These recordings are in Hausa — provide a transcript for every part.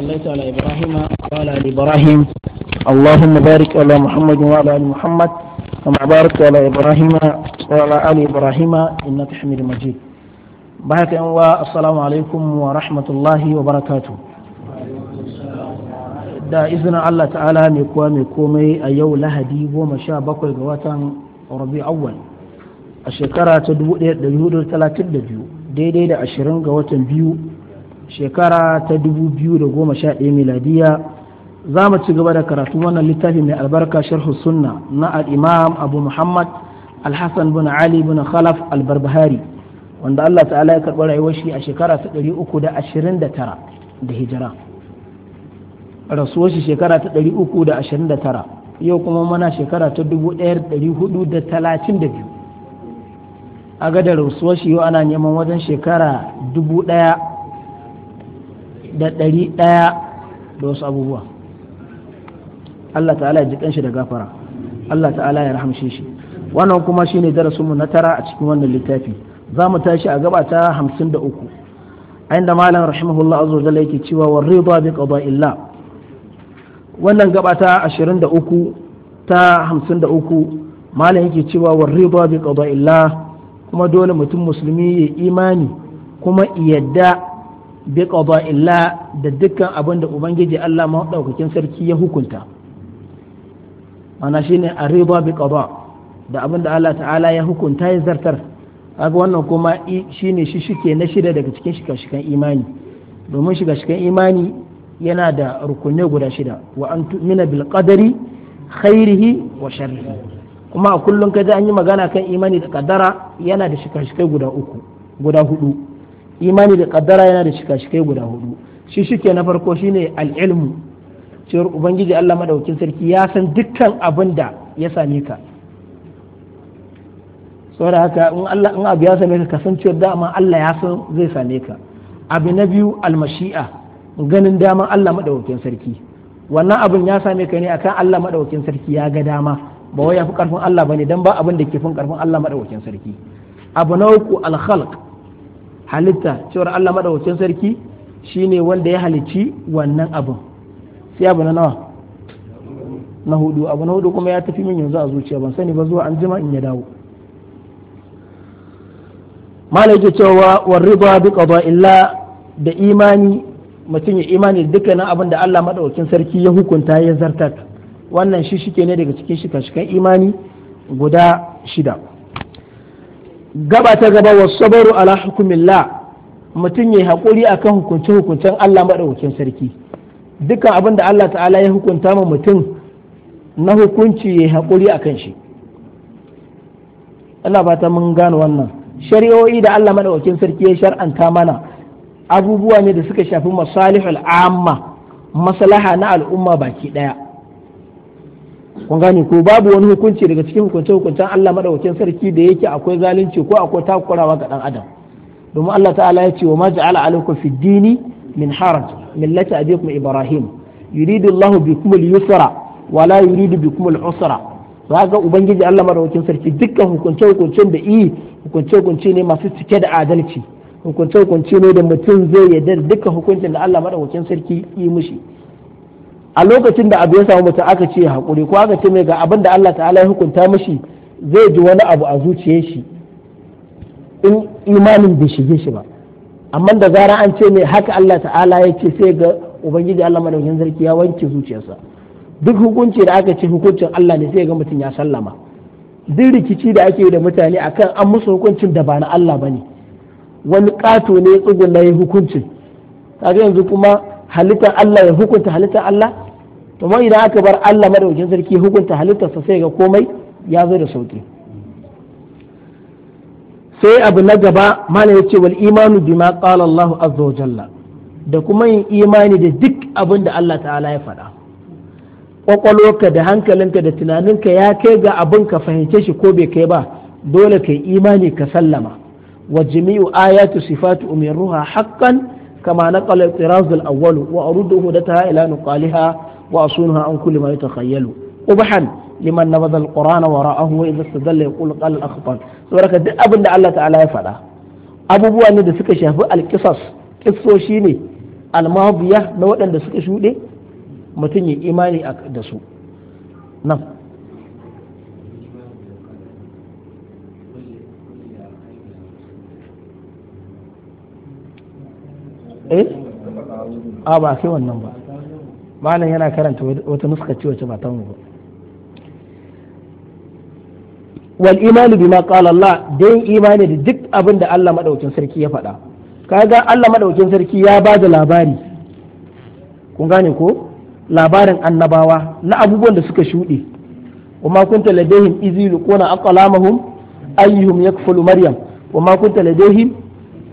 صليت على إبراهيم وعلى آل إبراهيم اللهم بارك على محمد وعلى آل محمد كما باركت على إبراهيم وعلى آل إبراهيم إنك حميد مجيد بارك السلام عليكم ورحمة الله وبركاته da izinin Allah ta'ala mai kowa mai komai a yau lahadi goma sha bakwai ga watan rabi awwal a shekara ta 1432 daidai da ashirin ga watan biyu shekara ta 2011 miladiya za mu ci gaba da karatu wannan littafi mai albarka sharhu sunna na al-imam abu muhammad al-hassan bin ali bin khalaf al-barbahari wanda allah ta'ala ya karɓi rayuwar shi a shekara ta 329 da hijira rasuwar shi shekara ta 329 yau kuma mana shekara ta 1432 a gadar rasuwar shi yau ana neman wajen shekara 1000 da ɗari ɗaya da wasu abubuwa Allah ta'ala ya ji kanshi da gafara Allah ta'ala ya rahamshe shi wannan kuma shine darasinmu na tara a cikin wannan littafi za mu tashi a gaba ta hamsin da uku inda malam rahimahullah azza wa yake cewa wa rida bi illa. wannan gaba ta 23 ta uku malam yake cewa wa rida bi illa. kuma dole mutum musulmi ya imani kuma yadda bi illa da dukkan abin da ubangiji Allah maɗaukakin sarki ya hukunta ana shine arriba bi qada da abin da Allah ta'ala ya hukunta ya zartar kaga wannan kuma shine shi shike na shida daga cikin shika-shikan imani domin shiga shikan imani yana da rukunai guda shida wa an tu'mina bil qadari khairihi wa sharrihi kuma a kullum kaji an yi magana kan imani da kaddara yana da shika-shikai guda uku guda hudu imani da kaddara yana da shika-shikai guda hudu shi shike na farko shine al'ilmu cewar ubangiji Allah madaukin sarki ya san dukkan abin da ya same ka saboda haka in Allah in abu ya same ka kasancewar dama Allah ya san zai same ka abu na biyu almashi'a ganin dama Allah madaukin sarki wannan abin ya same ka ne akan Allah madaukin sarki ya ga dama ba wai ya fi karfin Allah bane dan ba abin da ke fin karfin Allah madaukin sarki abu na uku alkhalq halitta cewar Allah madawacin sarki shine wanda ya halici wannan abu sai abu na nawa na hudu abu na hudu kuma ya tafi min yanzu a zuciya ban sani ba zuwa an in ya dawo malai yake cewa warriba bi illa da imani mutum ya imani dukkanin abin da Allah madawacin sarki ya hukunta ya zartar wannan shi shike ne daga cikin shika-shikan imani guda shida gaba ta gaba wa sabaru ala hukumillah mutum ya haƙuri akan hukunce hukuncen Allah maɗaukakin sarki dukkan abin da Allah ta'ala ya hukunta ma mutum na hukunci ya haƙuri akan shi Allah ba ta mun gano wannan shari'o'i da Allah maɗaukin sarki ya shar'anta mana abubuwa ne da suka shafi masalihul amma maslaha na al'umma baki ɗaya kun gane ko babu wani hukunci daga cikin hukunce hukuncen Allah madaukakin sarki da yake akwai zalunci ko akwai takurawa ga dan adam domin Allah ta'ala ya ce wa ma ja'ala alaikum fi dini min haraj millati abikum ibrahim yuridu Allahu bikum al-yusra wa la yuridu bikum al-usra ga ubangiji Allah madaukakin sarki dukkan hukunce hukuncen da yi hukunce hukunce ne masu cike da adalci hukunce hukunce ne da mutum zai yarda dukkan hukuncin da Allah madaukakin sarki yi mushi a lokacin da abu ya samu mutum aka ce hakuri ko aka ce mai ga abin da Allah ta'ala ya hukunta mashi zai ji wani abu a zuciyar shi in imanin bai shige shi ba amma da zara an ce mai haka Allah ta'ala ya ce sai ga ubangiji Allah madaukakin sarki ya wanke zuciyarsa duk hukunci da aka ce hukuncin Allah ne sai ga mutum ya sallama duk rikici da ake yi da mutane akan an musu hukuncin da ba na Allah ne. wani ƙato ne tsugun na yi hukuncin kaga yanzu kuma halittar Allah ya hukunta halittar Allah amma idan aka bar Allah madaukakin sarki hukunta halittarsa sai ga komai ya zo da sauki sai abu na gaba ya yace wal imanu bima qala Allah azza wa jalla da kuma yin imani da duk abin da Allah ta'ala ya faɗa kwakwalwarka da hankalinka da tunaninka ya kai ga abin ka fahimce shi ko bai kai ba dole ka yi imani ka sallama wa jami'u ayatu sifatu umirruha haqqan kama naqala al-tiraz awwal wa arudduhu dataha ila nuqaliha وأصونها عن كل ما يتخيله قبحا لمن نبذ القرآن وراءه وإذا استدل يقول قال الأخطان سبحانك دي أبن الله تعالى يفعل أبو بوا أن دي سكشة القصص قصو شيني الماضية نوات أن دي سكشة دي متني إيماني أكدسو نعم إيه؟ أبا آه، كيف النمبر malam yana karanta wata nuska ce wace ba ta mu wal imanu bima qala Allah dai imani da duk abin da Allah madaukin sarki ya faɗa kaga Allah madaukin sarki ya ba da labari kun gane ko labarin annabawa na abubuwan da suka shuɗe وما كنت لديهم إذ يلقون ayyuhum أيهم يكفل مريم kuma kun ladaihim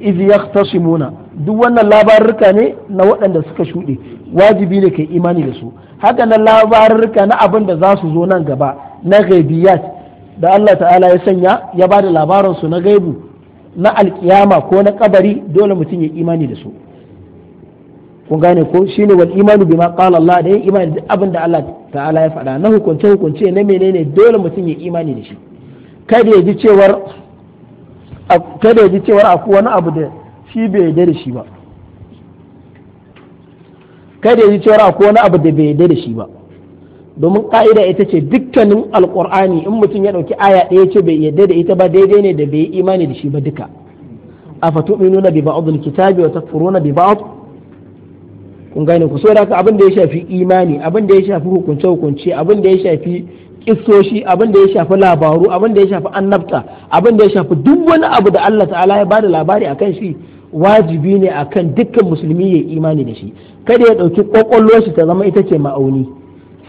idh yaqtasimuna duk wannan labarurka ne na waɗanda suka shuɗe wajibi ne kai imani da su haka nan labarurka na abin da za su zo nan gaba na ghaibiyat da Allah ta'ala ya sanya ya ba da labarin su na gaibu na alkiyama ko na kabari dole mutum ya imani da su kun gane ko shine wal imanu bima qala Allah da yin imani da abin da Allah ta'ala ya faɗa na hukunce hukunce na menene dole mutum ya imani da shi kada ya ji cewar kada ya ji cewar akwai wani abu da shi bai yarda da shi ba kada ya ji cewar akwai wani abu da bai yarda da shi ba domin ka'ida ita ce dukkanin alkur'ani in mutum ya ɗauki aya ɗaya ce bai yarda da ita ba daidai ne da bai yi imani da shi ba duka a fatu'minuna bi ba'd kitabi wa takfuruna bi ba'd kun gane ku so da abin da ya shafi imani abin da ya shafi hukunce hukunce abin da ya shafi kistoshi abin da ya shafi labaru abin da ya shafi annabta abin da ya shafi duk wani abu da Allah ta'ala ya bada labari akan shi wajibi ne akan dukkan musulmi ya imani da shi kada ya ɗauki ƙwaƙwalwar shi ta zama ita ce ma'auni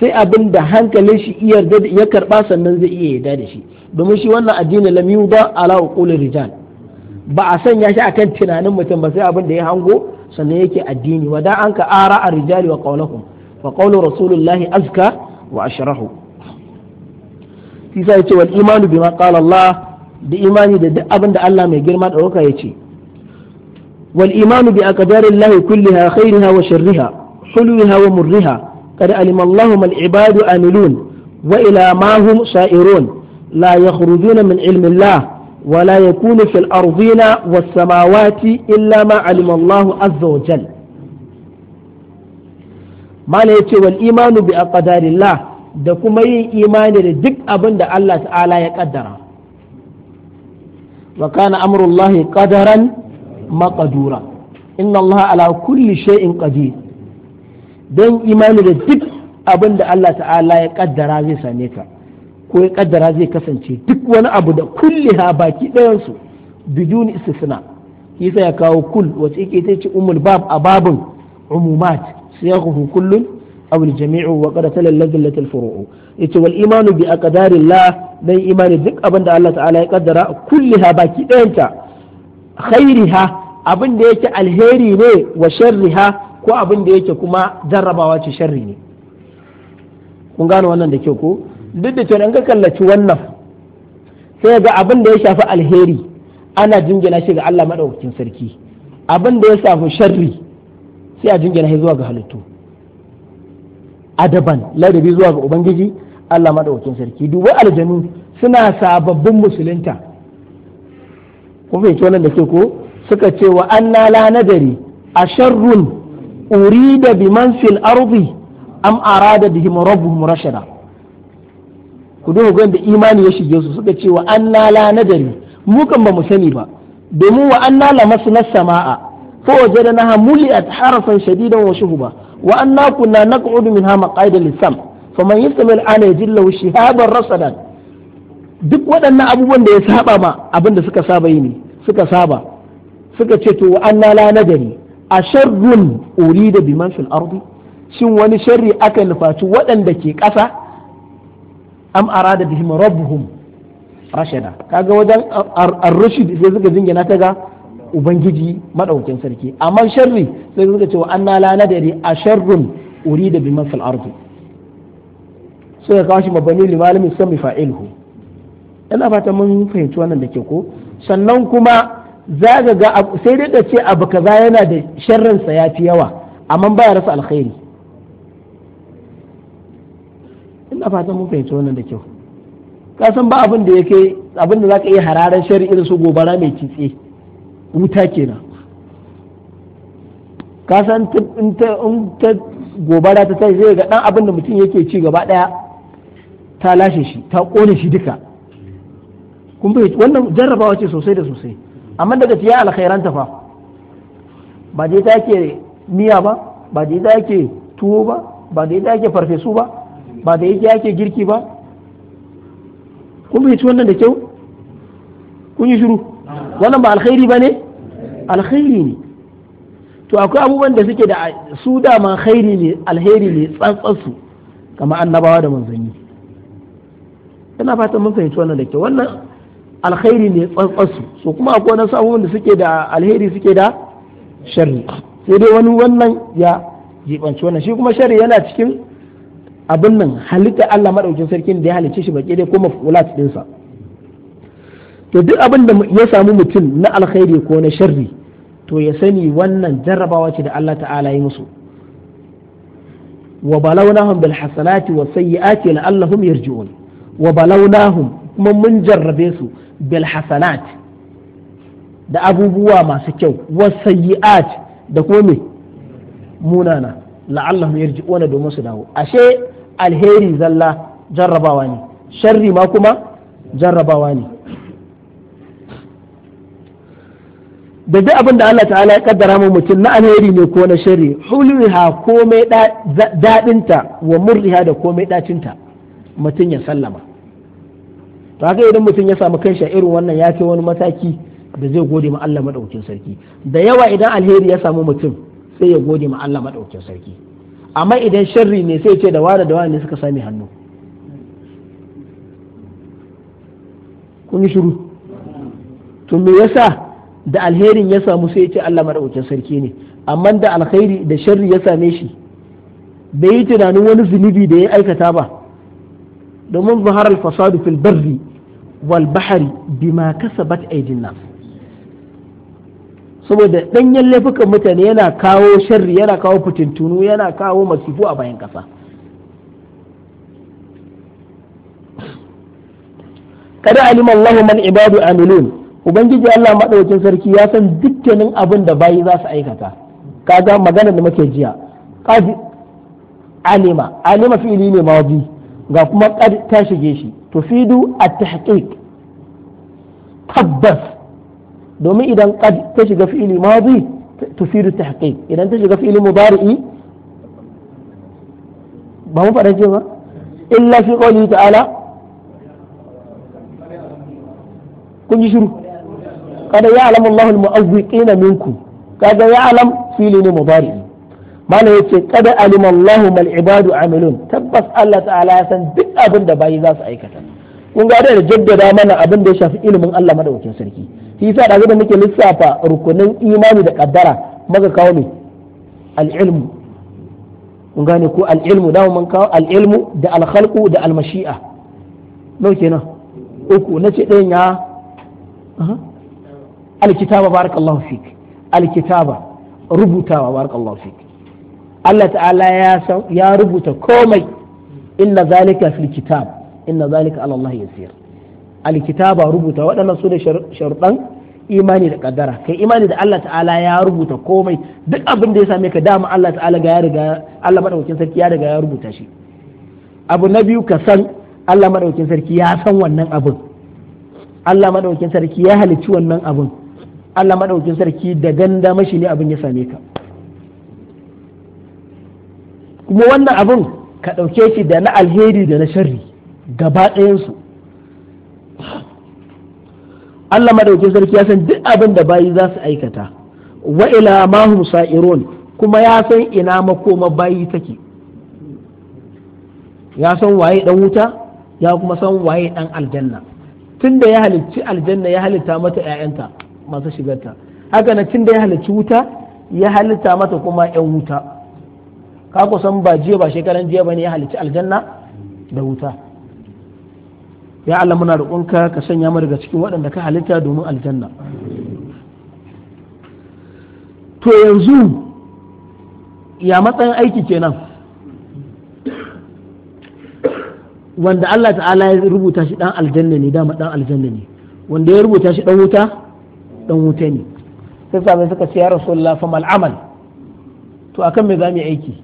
sai abin da hankalin shi da ya karɓa sannan zai iya yarda da shi domin shi wannan addini lam ba ala uqul rijal ba a sanya shi akan tunanin mutum ba sai abin da ya hango sannan yake addini wada an ka ara ar rijali wa qawluhum wa qawlu rasulullahi azka wa ashrahu shi sai ce wal imanu bima qala da imani da duk abin da Allah mai girma ɗaukaka ya ce wal imanu bi aqdarin lahi kulliha hawa wa sharriha hulwiha wa murriha qad alima Allahu mal ibadu amilun wa ila ma hum sa'irun la yakhrujuna min ilmi Allah wa la yakunu fil ardina was samawati illa ma alima Allahu azza wa jal mala yace wal imanu bi aqdarillah da kuma yin imani da duk abin da Allah ta'ala ya kaddara wa kana amrullahi qadaran maqdura inna Allah ala kulli shay'in qadir dan imani da duk abin da Allah ta'ala ya kaddara zai same ka ko ya kaddara zai kasance duk wani abu da kulli ha baki ɗayansu su biduni istisna kisa ya kawo kul wace yake ita ce umul bab a babun umumat sai ya kullun aw al-jami'u wa qad talal ladillat al-furu'u yace wal imanu bi aqdarillah dan imani duk abinda da Allah ta'ala ya kaddara kulliha baki dayanta khairiha abin da yake alheri ne wa sharriha ko abin yake kuma jarabawa ce sharri ne kun gane wannan da kyau ko duk da cewa in ka kallaci wannan sai ga abin da ya shafi alheri ana jingina shi ga Allah madaukakin sarki Abinda ya shafi sharri sai a jingina shi zuwa ga halittu adaban ladabi zuwa ga ubangiji Allah madaukakin sarki dubai aljanu suna sababbin musulunta Kuma fahimci wannan da ke ko suka ce wa anna la nadari uri da biman fil ardi am arada bihim rabbuhum rashada ku duba gwan da imani ya shige su suka ce wa anna la nadari mu kan ba mu sani ba domin wa anna la na sama'a fa wajadnaha muliat harafan shadidan wa ba. wa anna kunna naq'udu minha maq'ida lisam faman yastami al'ana yajid lahu shihaban rasadan duk waɗannan abubuwan da ya saba ma abin da suka saba yi ne suka saba suka ce to wa anna la nadari a sharrun urida man fil ardi shin wani sharri aka nufaci waɗanda ke ƙasa am arada bihim rabbuhum rashada kaga wajen ar-rashid sai suka jingina ta ga ubangiji madaukin sarki amma sharri sai suka cewa anna la nadari a sharrun urida bi mafil ardi Sai kawo shi mabani limalimi sami fa'ilhu ina fata mun fahimci wannan da ke ko sannan kuma za ga ga sai dai ka ce abu kaza yana da sharrin sa yafi yawa amma ba ya rasa alkhairi ina fata mun fahimci wannan da kyau ka san ba abin da yake abin da zaka iya hararan shari'i irin su gobara mai kitse wuta kenan ka san in ta gobara ta tashi zai ga dan abin da mutum yake ci gaba daya ta lashe shi ta kone shi duka kun bai wannan jarrabawa ce sosai da sosai amma daga tiya alkhairan ta fa ba dai ta yake miya ba ba dai ta yake tuwo ba ba dai ta yake farfesu ba ba da yake yake girki ba kun bai wannan da kyau kun yi shiru wannan ba alkhairi ba ne alkhairi ne to akwai abubuwan da suke da su dama khairi ne alheri ne tsantsansu kamar annabawa da manzanni ina fatan mun fahimci wannan da ke wannan alkhairi ne tsantsansu so kuma akwai wani abubuwan da suke da alheri suke da sharri sai dai wani wannan ya jibanci wannan shi kuma sharri yana cikin abin nan halitta Allah madaukin sarkin da ya halicce shi baki dai ko fulat dinsa to duk abin da ya samu mutum na alkhairi ko na sharri to ya sani wannan jarrabawa ce da Allah ta'ala ya musu wa balawnahum bil hasanati was sayyiati la'allahum yarji'un wa balawnahum kuma mun jarrabe su bil hasanat da abubuwa masu kyau was sayyiat da kuma me munana la'allahum yarji'una domin su dawo ashe alheri zalla jarrabawa ne sharri ma kuma jarrabawa ne da duk abin da Allah ta'ala ya kaddara mu mutum na alheri ne ko na shari huluha komai daɗinta wa murriha da komai ɗacinta mutum ya sallama to haka idan mutum ya samu kanshi a irin wannan ya kai wani mataki da zai gode ma Allah madaukakin sarki da yawa idan alheri ya samu mutum sai ya gode ma Allah madaukakin sarki amma idan sharri ne sai ce da wada da wani suka sami hannu kun yi shiru to me yasa da alherin ya samu sai ya ce Allah madaukakin sarki ne amma da alkhairi da sharri ya same shi bai yi tunanin wani zunubi da ya aikata ba domin zuharar fasadu fil barri wal bahari bima kasabat aidin nas saboda danyen laifukan mutane yana kawo sharri yana kawo fitintunu yana kawo masifu a bayan kasa kada alimallahu man ibadu amilun ubangiji Allah madaukakin sarki ya san dukkanin abin da bayi za su aikata kaga magana da muke jiya qad alima alima fi'li ne madi ga kuma qad ta shige shi tufidu at-tahqiq tabbas domin idan qad ta shiga fi'li madi tufidu tahqiq idan ta shiga fi'li mudari'i ba mu fara cewa illa fi qawli ta'ala kun ji shiru kada ya alamu Allahul mu'awwiqina minkum kada ya alam fili ne mubari mana ce kada alima Allahu mal a amilun tabbas Allah ta'ala ya san duk abin da bayi za su aikata kun ga da jaddada mana abin da ya shafi ilimin Allah madaukakin sarki shi yasa da da muke lissafa rukunin imani da kaddara maka kawo ne al-ilmu kun gane ko al-ilmu da mun kawo al-ilmu da al-khalqu da al-mashi'a nau kenan uku nace ɗayan ya alkitaba barakallahu fik alkitaba rubutawa barakallahu fik Allah ta'ala ya ya rubuta komai inna zalika fil kitab inna zalika ala Allah yasir alkitaba rubuta waɗannan su ne sharuɗan imani da kaddara kai imani da Allah ta'ala ya rubuta komai duk abin da ya same ka dama Allah ta'ala ga ya riga Allah madaukakin sarki ya riga ya rubuta shi abu na biyu ka san Allah madaukakin sarki ya san wannan abin Allah madaukakin sarki ya halicci wannan abin Allah maɗaukin sarki da ganda mashi ne abin ya same ka kuma wannan abin ka ɗauke shi da na alheri da na sharri gaba ɗayansu Allah maɗaukin sarki ya san duk abin da bayi za su aikata wa ila mahum sa'irun kuma ya san ina makoma bayi take ya san waye dan wuta ya kuma san waye dan aljanna tunda ya halicci aljanna ya halitta mata 'ya'yanta masu shigarta haka na cin da ya halicci wuta ya halitta mata kuma yan wuta ka san ba jiya ba shekaran jiya ba ne ya halicci aljanna da wuta ya Allah muna roƙonka ka sanya mu daga cikin waɗanda ka halitta domin aljanna to yanzu ya matsayin aiki kenan wanda Allah ta'ala ya rubuta shi dan aljanna ne dama dan aljanna ne wanda ya rubuta shi dan wuta dan wuta ne sai sabai suka ce ya rasulullah fa mal amal to akan me zamu aiki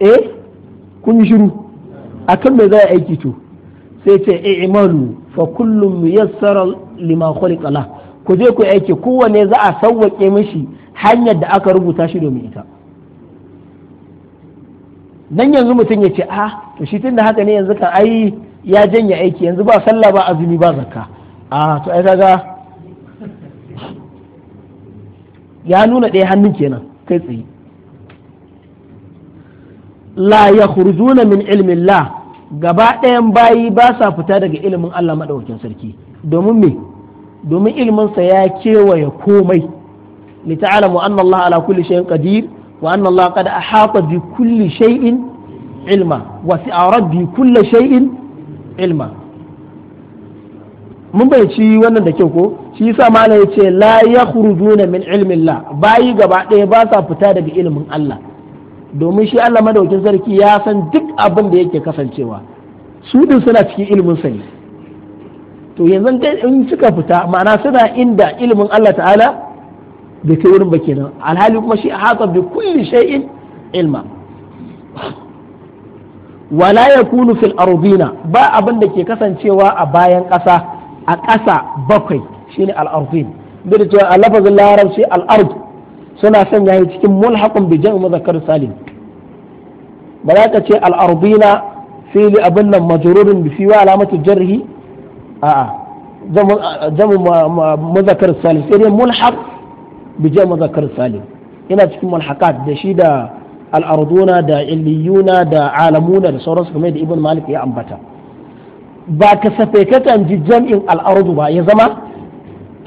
eh kun yi shiru akan me za a aiki to sai ce i'malu fa kullum yassara lima khuliqa la ku je ku aiki kowanne za a sauwake mishi hanyar da aka rubuta shi domin ita dan yanzu mutum ya ce a ah, to shi tunda haka ne yanzu kan ai ya janye aiki yanzu ba sallah ba azumi ba zakka a to ai kaga ya nuna ɗaya hannun kenan kai tsaye la ya min ilmin la gaba ɗayan bayi ba sa fita daga ilimin Allah maɗaukakin sarki domin me domin ilminsa ya kewaye komai li ta'lamu anna Allah ala kulli shay'in qadir wa anna Allah qad ahata bi kulli shay'in ilma wa sa'ara bi kulli shay'in ilma mun bai ci wannan da kyau ko shi yasa malam ya ce la yakhrujuna min ilmin la bayi gaba ɗaya ba sa fita daga ilimin Allah domin shi Allah madaukin sarki ya san duk abin da yake kasancewa su din suna cikin ilimin sa ne to yanzu in suka fita ma'ana suna inda ilimin Allah ta'ala bai kai wurin ba kenan alhali kuma shi haka bi kulli shay'in ilma wala yakunu fil ardina ba abin da ke kasancewa a bayan ƙasa a ƙasa bakwai shine al-arfin bi da cewa a lafazin larabci al suna sanya shi cikin mulhaqun bi jam'i muzakkar salim ba za ka ce al'arbina fili abin nan majrurun bi fi wa alamatu jarhi a'a jamu muzakkar salim sai dai mulhaq bi jam'i muzakkar salim ina cikin mulhaqat da shi da al da illiyuna da alamuna da sauransu kamar da ibn malik ya ambata ba kasafai kakan ji jam'in al'ardu ba ya zama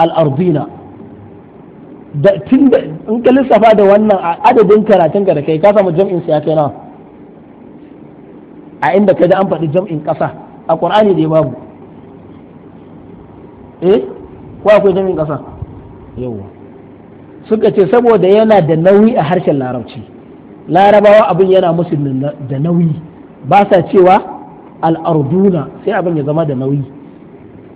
al'ardina da tun da in ka lissafa da wannan adadin karatun ka da kai ka samu jam'in sai ya kai nawa a inda kai da an faɗi jam'in ƙasa a ƙur'ani dai babu eh ko akwai jam'in ƙasa yawa suka ce saboda yana da nauyi a harshen larabci larabawa abin yana musu da nauyi ba sa cewa al'arduna sai abin ya zama da nauyi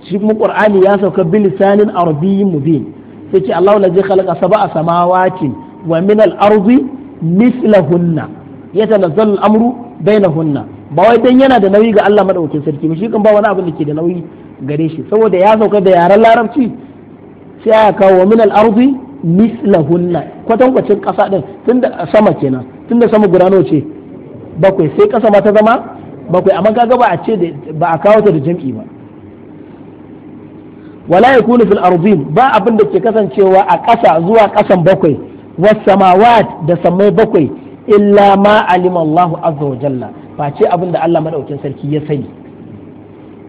shi kuma qur'ani ya sauka bilisanin arabiyyin mubin sai ce Allahu ladzi khalaqa sab'a samawati wa min al-ardi mithlahunna yatanazzal al-amru bainahunna ba wai dan yana da nauyi ga Allah madaukakin sarki shi kan ba wani abin da ke da nauyi gare shi saboda ya sauka da yaren larabci sai ya kawo wa min al-ardi mislahunna kwacin kasa din tunda sama kenan tunda sama gurano ce bakwai sai kasa ma ta zama bakwai amma kaga ba a ce ba a kawo ta da jam'i ba wala yakunu fil ardin ba abin da ke kasancewa a ƙasa zuwa ƙasan bakwai was samawat da samai bakwai illa ma alima Allahu azza wa jalla ba ce abin da Allah madaukin sarki ya sani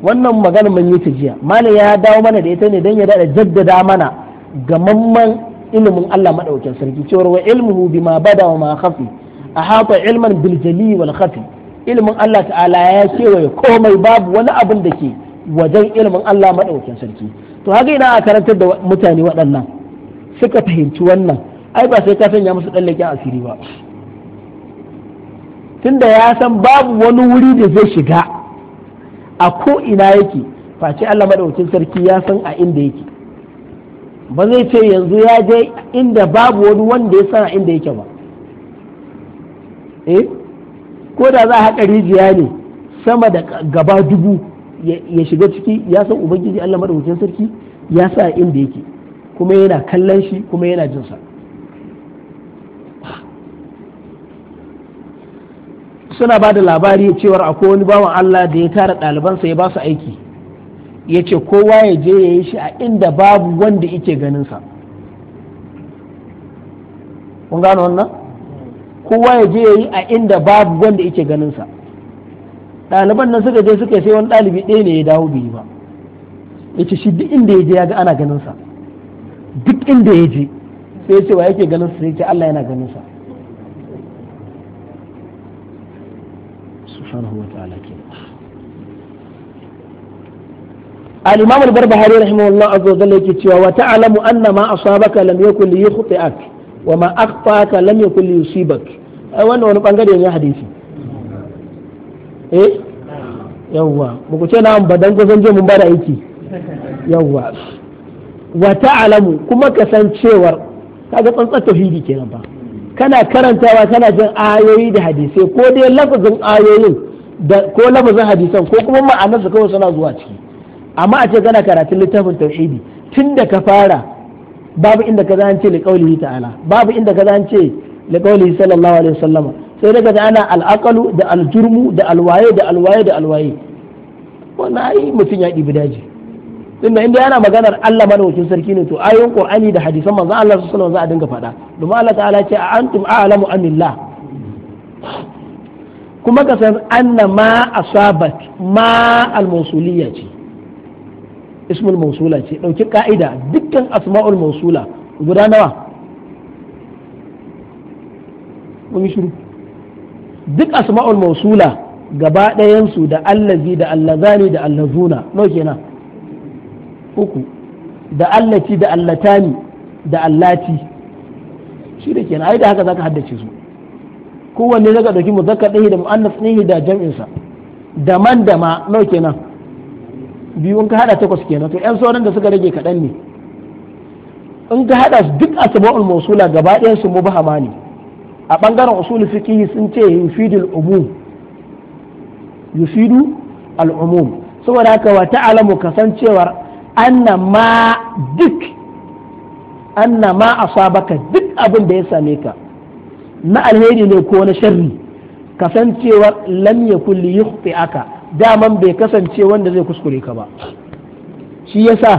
wannan magana mun yi ta jiya malam ya dawo mana da ita ne dan ya dada jaddada mana gamamman ilimin Allah madaukin sarki cewa wa ilmuhu bima bada wa ma khafi ahata ilman bil jali wal khafi ilimin Allah ta'ala ya kewaye komai babu wani abin da ke wajen ilimin Allah maɗaukin sarki to haka ina a karantar da mutane waɗannan suka fahimci wannan ai ba sai ka sanya musu ɗallakin asiri ba tunda ya san babu wani wuri da zai shiga a ko ina yake face Allah maɗaukin sarki ya san a inda yake ba zai ce yanzu ya je inda babu wani wanda ya san a inda yake ba eh ko da za a haƙa rijiya ne sama da gaba dubu ya shiga ciki ya san ubangiji Allah madaukakin sarki ya sa inda yake kuma yana kallon shi kuma yana jin sa suna ba da labari cewar akwai wani bawan Allah da ya tara ɗalibansa ya ba su aiki ya ce kowa ya je ya yi shi a inda babu wanda yake ganin sa kun gano wannan kowa ya je ya yi a inda babu wanda yake ganin sa ɗaliban nan suka je suka sai wani ɗalibi ɗaya ne ya dawo bai ba ce shi duk inda ya je ya ga ana ganin sa duk inda ya je sai ya ce wa yake ganin sa sai ya ce Allah yana ganin sa subhanahu wa ta'ala ke al-imam al-barbahari rahimahullah azza wa jalla yake cewa wa ta'lamu anna ma asabaka lam yakun li yukhti'ak wa ma lamya lam yakul yusibak ai wannan wani bangare ne hadisi eh yawwa muku ce na ba dan kusan je mun ba aiki yawwa wa ta'lamu kuma ka san kasancewar kaga tsantsar tauhidi kenan ba kana karantawa kana jin ayoyi da hadisai ko dai lafazin ayoyin da ko lafazin hadisan ko kuma ma'anarsa kawai suna zuwa ciki amma a ce kana karatun littafin tauhidi tun da ka fara babu inda kaza an ce li qaulihi ta'ala babu inda kaza an ce li qaulihi sallallahu alaihi wasallama sai daga da ana al'aqalu da aljurmu da alwaye da alwaye da alwaye wannan ai mutum ya ɗibi daji tunda inda yana maganar Allah madaukakin sarki ne to ayoyin Qur'ani da hadisan manzon Allah sallallahu alaihi wasallam za a dinga faɗa domin Allah ta'ala ce a antum a'lamu amillah kuma ka san anna ma asabat ma al-mawsuliyya ce ismul mausula ce ɗauki ka'ida dukkan asma'ul mausula guda nawa mun shiru duk asma'ul mausula gaba ɗayansu da allazi da allazani da allazuna nawa kenan uku da allati da allatani da allati shi da kenan ai da haka zaka haddace su kowanne zaka dauki muzakkar ɗaya da mu'annas ɗaya da jam'insa da man da ma nawa kenan in ka hada takwas kenan to yan sauran da suka rage kaɗan ne in ka hada su duk asma'ul mausula gaba ɗayan su mubhama ne a bangaren usul fiqh sun ce yufidul umum yufidu al umum saboda haka wa ta'lamu kasancewar anna ma duk anna ma asabaka duk abin da ya same ka na alheri ne ko na sharri kasancewar lam yakul yukhti'aka aka daman bai kasance wanda zai kuskure ka ba shi yasa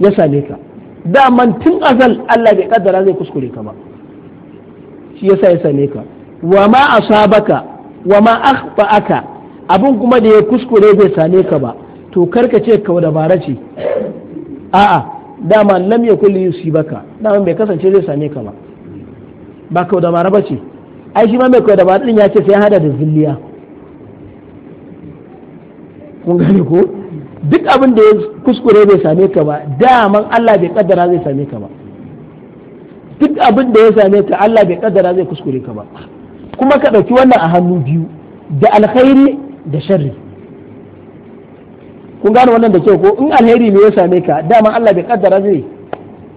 ya same ka daman tun azal Allah bai kaddara zai kuskure ka ba shi yasa ya same ka wa ma asabaka wa ma akhba'aka abun kuma da ya kuskure bai same ka ba to karka ce ka bara ce a'a dama lam yakul yusibaka daman bai kasance zai same ka ba ba ka bara ba ce ai shi ma mai da dabara din ya ce sai hada da zilliya kun gane ko duk abin da ya kuskure bai same ka ba daman Allah bai kaddara zai same ka ba duk abin da ya same ka Allah bai kaddara zai kuskure ka ba kuma ka dauki wannan a hannu biyu da alkhairi da sharri kun gane wannan da kyau ko in alheri ne ya same ka daman Allah bai kaddara zai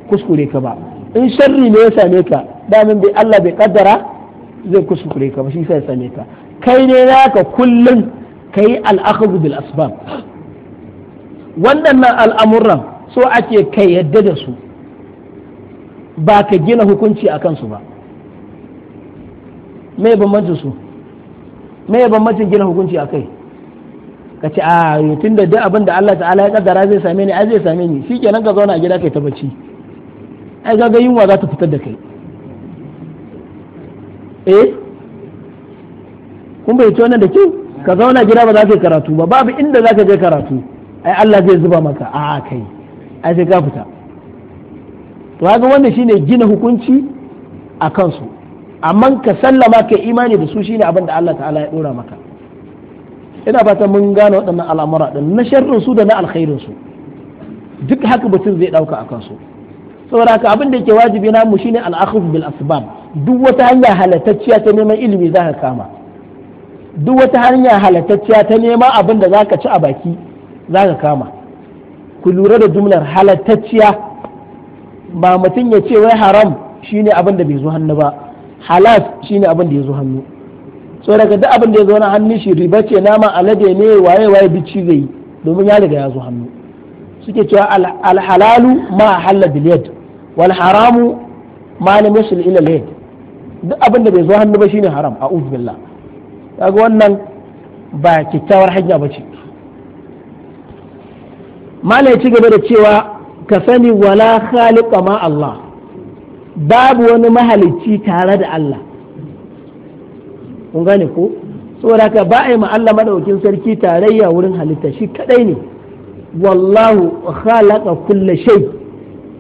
kuskure ka ba in sharri ne ya same ka daman bai Allah bai kaddara zai kuskure ka ba shi sai ya same ka kai ne naka kullum ka yi al'akazu bil asbab wannan al'amuran so ake ka yadda da su ba ka gina hukunci a kansu ba me bambancin su me bambancin gina hukunci a kai ka ce a yutun da duk abin da Allah ta'ala ya kaddara zai same ni ai zai same ni shi kenan ka zauna a gida kai ta bacci ai ga ga yunwa za ta fitar da kai eh kun bai wannan da kyau ka zauna gida ba za ka yi karatu ba babu inda za ka je karatu ai Allah zai zuba maka a kai ai sai ka fita to haka wanda shine gina hukunci a kansu amma ka sallama ka imani da su shine abin da Allah ta'ala ya dora maka ina fata mun gane waɗannan al'amura din na sharrin su da na alkhairin su duk haka mutum zai ɗauka a kansu saboda haka abin da yake wajibi na mu shine al'akhuf bil asbab duk wata hanya halatacciya ta neman ilimi za ka kama duk wata hanya halatacciya ta nema abin da za ka ci a baki za ka kama ku lura da jumlar halatacciya ba mutum ya ce wai haram shine abin da bai zo hannu ba halas shine abin da ya zo hannu so daga duk abin da ya zo na hannu shi riba ce nama alade ne waye waye bici zai domin ya riga ya zo hannu suke cewa alhalalu ma halla bil yad wal haramu ma lam yasil ila duk abin da bai zo hannu ba shine haram a'udhu billah kaga wannan ba kyakkyawar hanya ba ce Malami ci gaba da cewa ka sani wala khaliqa ma Allah babu wani mahalicci tare da Allah kun gane ko saboda haka ba a yi Allah madaukin sarki tarayya wurin halitta shi kadai ne wallahu khalaqa kulli shay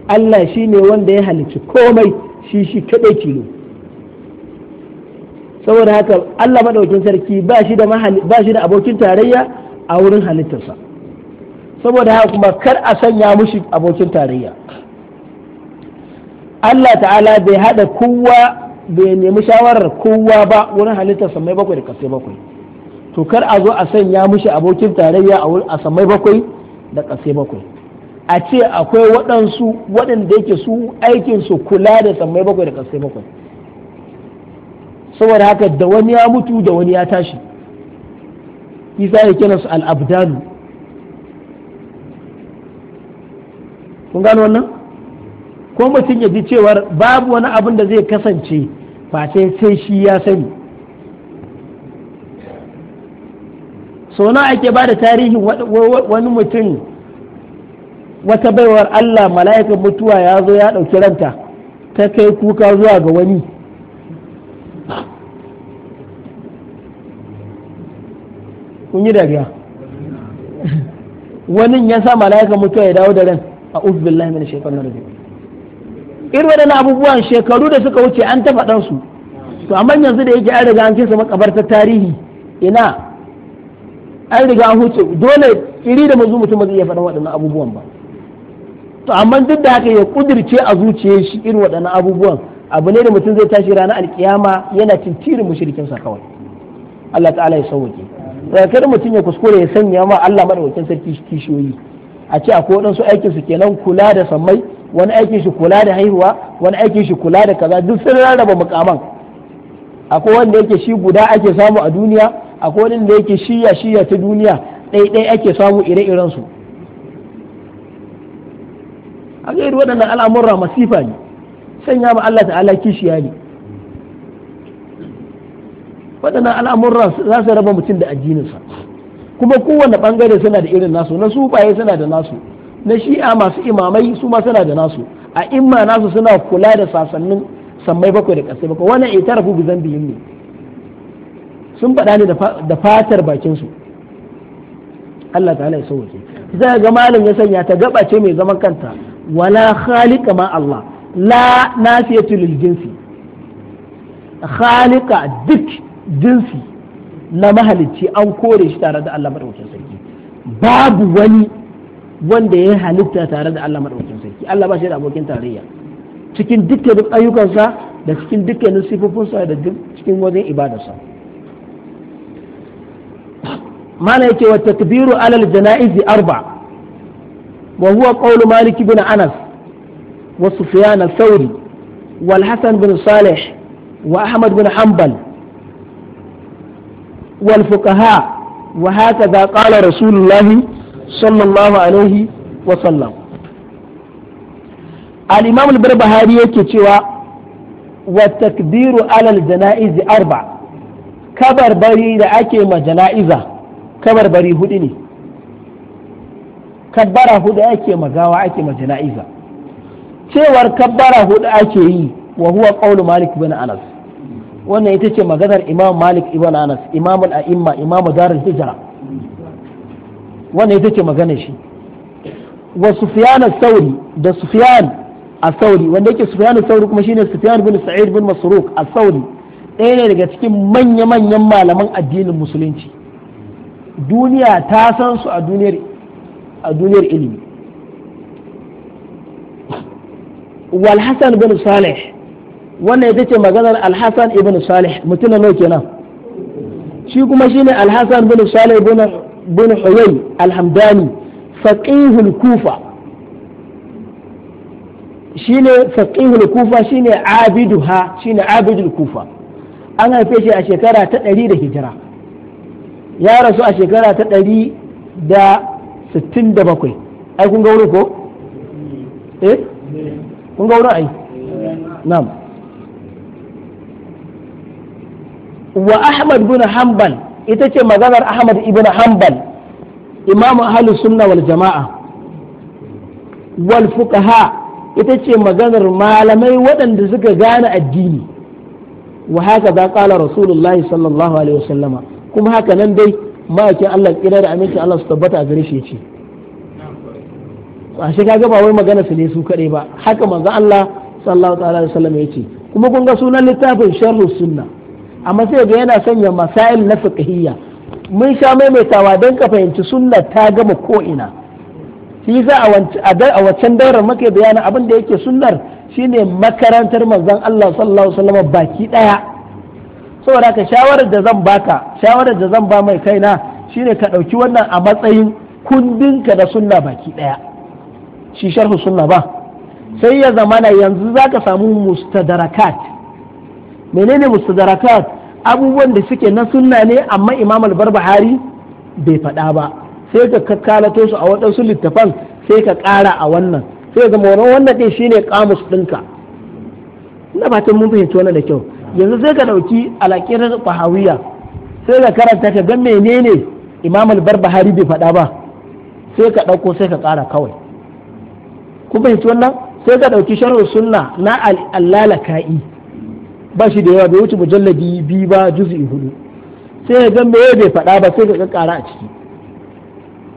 Allah shine wanda ya halicci komai shi shi kadai kilo saboda haka Allah madaukin sarki ba shi da ba shi da abokin tarayya a wurin halittarsa saboda haka kuma kar a sanya mushi abokin tarayya Allah ta'ala bai hada kowa bai nemi shawarar kowa ba wurin halittar samai bakwai da kasai bakwai to kar a zo a sanya mushi abokin tarayya a samai bakwai da kasai bakwai a ce akwai waɗansu waɗanda yake su aikinsu kula da samai bakwai da kasai bakwai saboda haka da wani ya mutu da wani ya tashi isa ya kira su al'abdalu kun gano wannan ko mutum ya ji cewar babu wani abin da zai kasance ba sai sai shi ya sani so na ake ba da tarihin wani mutum wata baiwar allah mala'ikan mutuwa ya zo ya ɗauki ranta ta kai kuka zuwa ga wani kun yi dariya wani ya sa mala'ika mutuwa ya dawo da ran a billahi shekaru na rajim irin waɗannan abubuwan shekaru da suka wuce an ta faɗan su to amma yanzu da yake an riga an kisa makabartar tarihi ina an riga an huce dole iri da mazu mutum zai iya faɗan waɗannan abubuwan ba to amma duk da haka ya kudirce a zuciyar shi irin waɗannan abubuwan abu ne da mutum zai tashi ranar alkiyama yana tintirin mushrikin sa kawai Allah ta'ala ya sauke da mutum ya kuskure ya sanya ma Allah madaukakin sarki kishiyoyi a ce akwai waɗansu aikin su kenan kula da sammai wani aikin shi kula da haihuwa wani aikin shi kula da kaza duk sun rarraba mukaman akwai wanda yake shi guda ake samu a duniya akwai wanda yake shiya shiya ta duniya ɗaiɗai ake samu ire-iren su a waɗannan al'amurra masifa ne sanya ma Allah ta'ala kishiya ne waɗannan al'amurra za su raba mutum da addininsa kuma kowane ɓangare suna da irin nasu na sufaye suna da nasu na shi'a masu imamai su ma suna da nasu a imma nasu suna kula da sasannin sammai bakwai da ƙasai bakwai wannan ita eh, rafu bi ne sun faɗa ne da fatar bakinsu Allah ta'ala ya sauke zai ga malam ya sanya ta gaba ce mai zaman kanta wala khaliqa ma Allah la nafiyatu lil jinsi khaliqa duk jinsi na mahalicci an kore shi tare da Allah madaukakin sarki babu wani wanda ya halitta tare da Allah madaukakin sarki Allah ba shi da abokin tarayya cikin dukkanin ayyukansa da cikin dukkanin sifofinsa da cikin wajen ibadarsa mana yake wa takbiru alal janaizi arba wa huwa qawlu malik ibn anas wa sufyan al-thawri wal hasan bin salih wa ahmad bin hanbal wal fuqaha wa hakaza qala rasulullahi sallallahu alaihi wa sallam al imam al yake cewa watakbiru alal ala al janaiz arba kabarbari da ake ma janaiza kabarbari hudu ne kabbara hudu ake magawa ake ma jana'iza cewar kabbara ake yi wa huwa qawlu malik bin anas wannan ita ce maganar imam malik ibn anas imam al'imma imam darul hijra wannan ita ce maganar shi wa sufyan as-sauri da sufyan as-sauri wanda yake sufyan as-sauri kuma shine sufyan bin sa'id bin masruq as-sauri ɗaya ne daga cikin manya-manyan malaman addinin musulunci duniya ta san su a duniyar a duniyar ilimi wal hasan bin salih wannan ita ce maganar alhassan ibn salih mutum nawa kenan shi kuma shi ne alhassan ibn salih ibn huyay alhamdani faqihul kufa shine faqihul kufa shine abiduha ne abidul kufa an haife shi a shekara ta ɗari da hijira ya rasu a shekara ta ɗari da sittin da bakwai ai kun ga ko eh kun ga ai na'am wa ahmad bin hanbal ita ce maganar ahmad ibn hanbal imamu ahlus sunna wal jama'a wal fuqaha ita ce maganar malamai waɗanda suka gane addini wa haka za qala rasulullahi sallallahu alaihi wasallama kuma haka nan dai ma'aikin Allah kira da aminci Allah su tabbata a gare shi ce a shi kaga ba wai magana su ne su kaɗai ba haka manzo Allah sallallahu alaihi wasallama ya kuma kun ga sunan littafin sharhus sunnah amma sai ga yana sanya masail na fiqhiyya mun sha maimaitawa don ka fahimci sunnar ta gama ko ina shi za a wancan daurar muke bayanin abin da yake sunnar shine makarantar manzon Allah sallallahu alaihi wasallam baki daya saboda ka shawarar da zan baka shawarar da zan ba mai kaina shine ka dauki wannan a matsayin kundinka da sunna baki daya shi sharhu sunna ba sai ya zamana yanzu zaka samu mustadarakat menene mustadarakat abubuwan da suke na sunna ne amma imam al-barbahari bai faɗa ba sai ka kakkalato su a waɗansu littafan sai ka ƙara a wannan sai ga moron wannan ɗin shine kamus ɗinka ina fatan mun fahimci wannan da kyau yanzu sai ka ɗauki alaƙirar fahawiya sai ka karanta ka ga menene imam al-barbahari bai faɗa ba sai ka ɗauko sai ka ƙara kawai ku fahimci wannan sai ka ɗauki sharhu sunna na al-lalaka'i ba shi da yawa bai wuce mujalladi biyu ba juz'i hudu sai ya ga me bai faɗa ba sai ka kakkara a ciki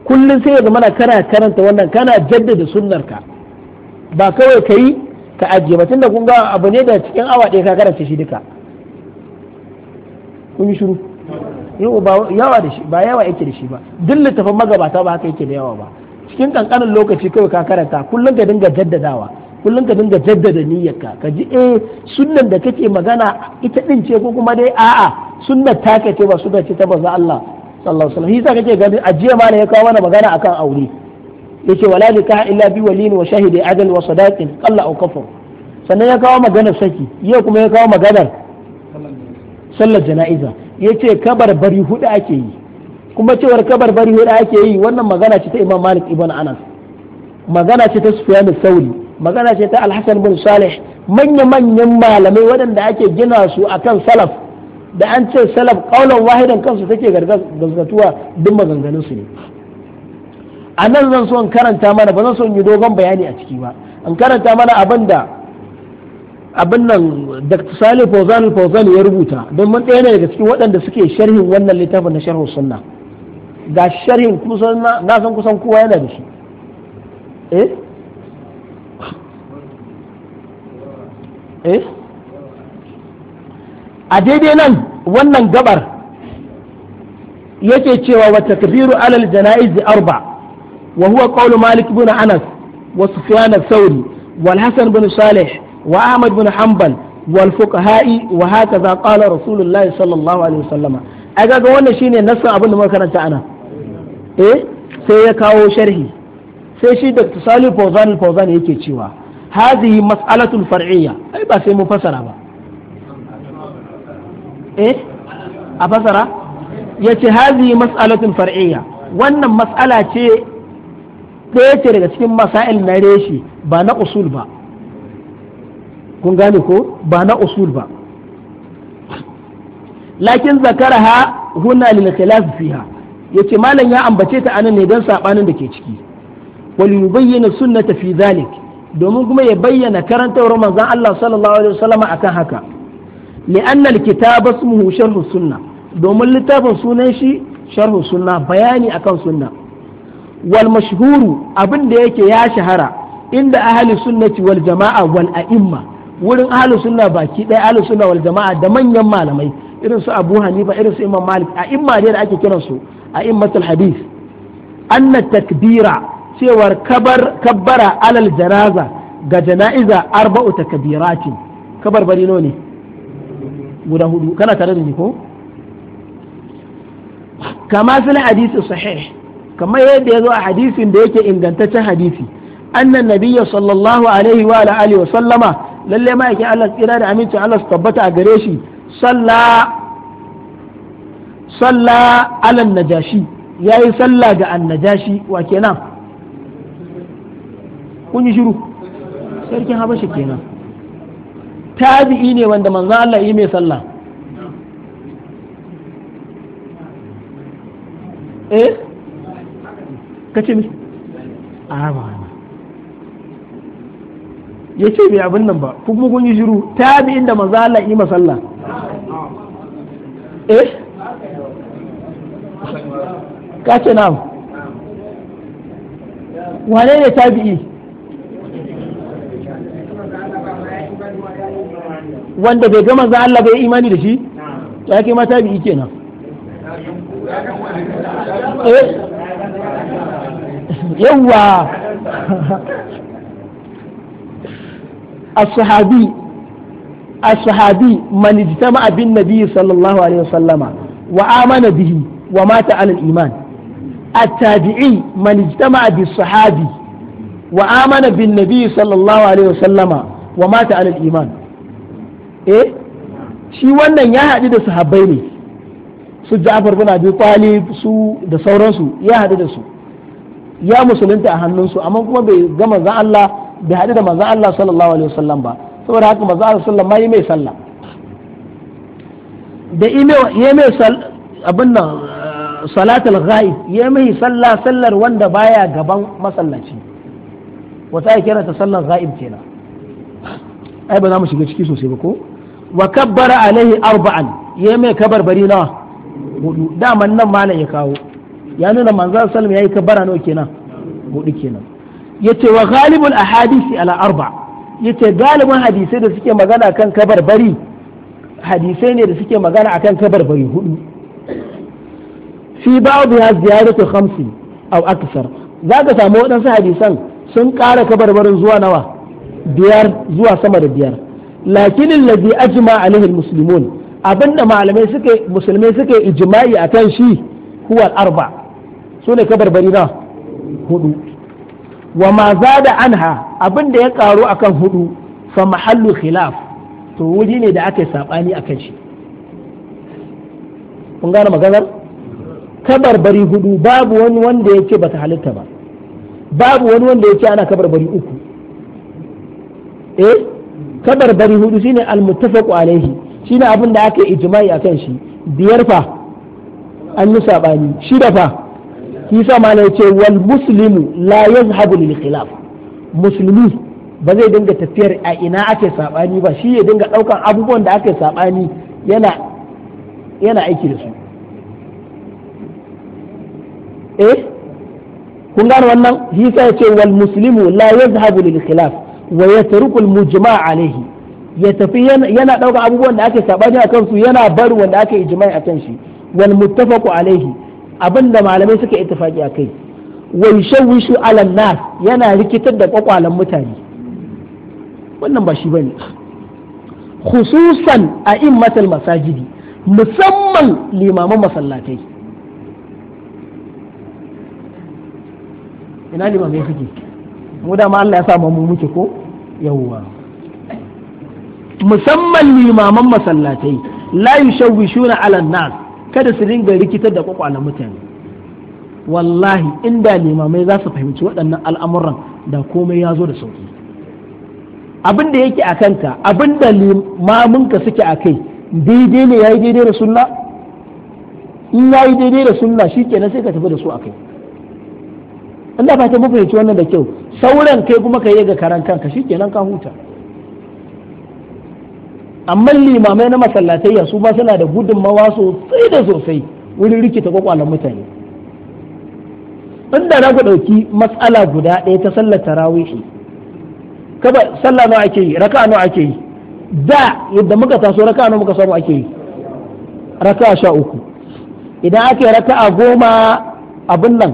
kullum sai ya zama na kana karanta wannan kana jaddada sunnarka ba kawai ka yi ka ajiye ba tunda kun ga abu ne da cikin awa ɗaya ka karanta shi duka kun yi shiru yawa da shi ba yawa yake da shi ba duk littafin magabata ba haka yake da yawa ba cikin kankanin lokaci kawai ka karanta kullum ka dinga jaddadawa kullum ka dinga jaddada niyyarka ka ji eh sunnan da kake magana ita din ce ko kuma dai a'a sunnar ta ka ce ba sunnar ce ta manzo Allah sallallahu alaihi wasallam kake gani ajiya ma ne ya kawo mana magana akan aure yace wala nikah illa bi waliyin wa shahidi adl wa sadaqin qalla aw kafar sannan ya kawo maganar saki yau kuma ya kawo maganar sallar jana'iza yace kabar bari hudu ake yi kuma cewar kabar bari hudu ake yi wannan magana ce ta Imam Malik ibn Anas magana ce ta Sufyan al-Thawri magana ce ta Al-Hasan bin Salih manya manyan malamai waɗanda ake gina su akan salaf da an ce salaf kaulan wahidan kansu take gargazatuwa duk maganganun su ne a nan zan so in karanta mana ba zan so in yi dogon bayani a ciki ba in karanta mana abin abin nan Dr. Salih fauzan fauzan ya rubuta don mun ɗaya ne daga cikin waɗanda suke sharhin wannan littafin na sharhu sunna ga sharhin kusan na san kusan kowa yana da shi Eh? eh a daidai nan wannan gabar yake cewa wa takbiru alal janaiz arba wa huwa qawlu malik ibn anas wa sufyan ath-thawri wal hasan ibn salih wa ahmad ibn hanbal wal fuqaha'i wa hakaza qala rasulullahi sallallahu alaihi wasallama aga ga wannan shine nasu abin da muka karanta ana eh sai ya kawo sharhi sai shi da Salih Fawzan Fawzan yake cewa hadhihi mas'alatul far'iyya ai ba sai mun fasara ba eh a fasara yace hadhihi mas'alatul far'iyya wannan mas'ala ce ɗaya ce daga cikin masail na reshi ba na usul ba kun gane ko ba na usul ba lakin zakaraha huna lil khilaf fiha yace malam ya ambace ta anan ne dan sabanin da ke ciki wal bayyana sunnata fi dhalik domin kuma ya bayyana karantar manzon Allah sallallahu alaihi wasallam akan haka li'anna al-kitaba ismuhu sharh sunna domin littafin sunan shi sharh sunna bayani akan sunna wal mashhuru abin yake ya shahara inda ahli sunnati wal jama'a wal a'imma wurin ahli sunna baki ɗaya ahli sunna wal jama'a da manyan malamai irin su Abu Hanifa irin su Imam Malik a'imma ne da ake kiran su a'immatul hadith anna takbira cewar kabbara alal janaza ga jana'iza arba'u takbiratin kabarbari bari ne guda hudu kana tare da ni ko kama fil hadisi sahih kamar yadda ya zo a hadisin da yake ingantaccen hadisi annan nabiyya sallallahu alaihi wa alihi wa sallama lalle ma yake Allah tsira da amincin Allah su tabbata a gare shi salla salla alan najashi yayi salla ga annajashi wa kenan kun yi shiru sarkin habashi kenan tabi'i ne wanda manzo Allah yi mai sallah eh kace mi a ba ya ce bai abin nan ba kuma kun yi shiru tabi'in da manzo Allah yi masalla eh kace na wane ne tabi'i wanda bai ga manzon Allah bai imani da shi to yake mata bi kenan eh yawa as-sahabi as-sahabi man ijtama'a abin nabi sallallahu alaihi wasallama wa amana bihi wa mata ala iman man iman bi sahabi wa amana bin nabi sallallahu alaihi عليه wa mata ala iman eh shi wannan ya haɗu da sahabbai ne su Ja'far bin Abi Talib su da sauransu ya haɗu da su ya musulunta a hannunsu amma kuma bai ga manzon Allah bai haɗu da manzon Allah sallallahu alaihi wasallam ba saboda haka manzon Allah sallallahu alaihi wasallam mai sallah da ya mai sal abin nan eh, salatul ghaib ya mai sallah sallar wanda baya gaban masallaci wata ya kira ta sallar ghaib kenan ai ba za mu shiga ciki sosai ba ko wa kabbara alaihi arba'an ya mai kabarbari nawa hudu daman nan malam ya kawo ya nuna manzo sallam yayi kabbara nawa kenan hudu kenan yace wa ghalibul ahadisi ala arba yace galibin hadisai da suke magana kan kabarbari hadisai ne da suke magana akan kabarbari hudu fi ba'dha ziyaratu khamsi aw akthar zaka samu waɗansu hadisan sun ƙara kabarbarin zuwa nawa biyar zuwa sama da biyar lakin allazi ajma alaihi almuslimun abinda malamai suke musulmai suka ijma'i akan shi huwa arba kabar bari na hudu wa ma zada anha abinda ya karu akan hudu fa mahallu khilaf to wuri ne da aka yi sabani akan shi kun gane maganar bari hudu babu wani wanda ya ce bata halitta ba babu wani wanda ya ce ana bari uku eh kabarbari hudu shine almuttafaqu alaihi shine abin da aka yi ijma'i akan shi biyar fa an yi sabani shida fa sa ma ne ce wal muslimu la yazhabu lil khilaf musulmi ba zai dinga tafiyar a ina ake sabani ba shi ya dinga daukan abubuwan da ake sabani yana yana aiki da su eh kun gane wannan hisa ya ce wal muslimu la yazhabu lil khilaf wa yatruku al-mujma' alaihi ya tafi yana ɗauka abubuwan da ake sabani a kansu yana bari wanda ake jimai a kan shi wal muttafaqu alayhi abinda malamai suka ittifaqi a kai wa yushawishu ala nas yana rikitar da kwakwalan mutane wannan ba shi bane khususan a immatal masajidi musamman limaman masallatai ina limamai suke mu da ma Allah ya sa mu muke ko yawwa musamman limaman masallatai la shuna ala nas kada su ringa rikitar da kwakwalan mutane wallahi inda limamai za su fahimci waɗannan al'amuran da komai ya zo da sauki abin da yake a kanka abin da limaminka suke a kai daidai ne ya yi daidai da sunna in ya yi daidai da sunna shi kenan sai ka tafi da su a kai Allah ba ta mu wannan da kyau sauran kai kuma ka yi ga karan kanka nan ka huta amma limamai na masallatai su ba suna da gudunmawa sosai da sosai wurin rikita kwakwalan mutane inda na ku ɗauki matsala guda ɗaya ta sallar tarawihi kaba sallah nawa ake yi raka'a nawa ake yi da yadda muka taso raka'a nawa muka samu ake yi raka'a sha uku idan aka yi raka'a goma abin nan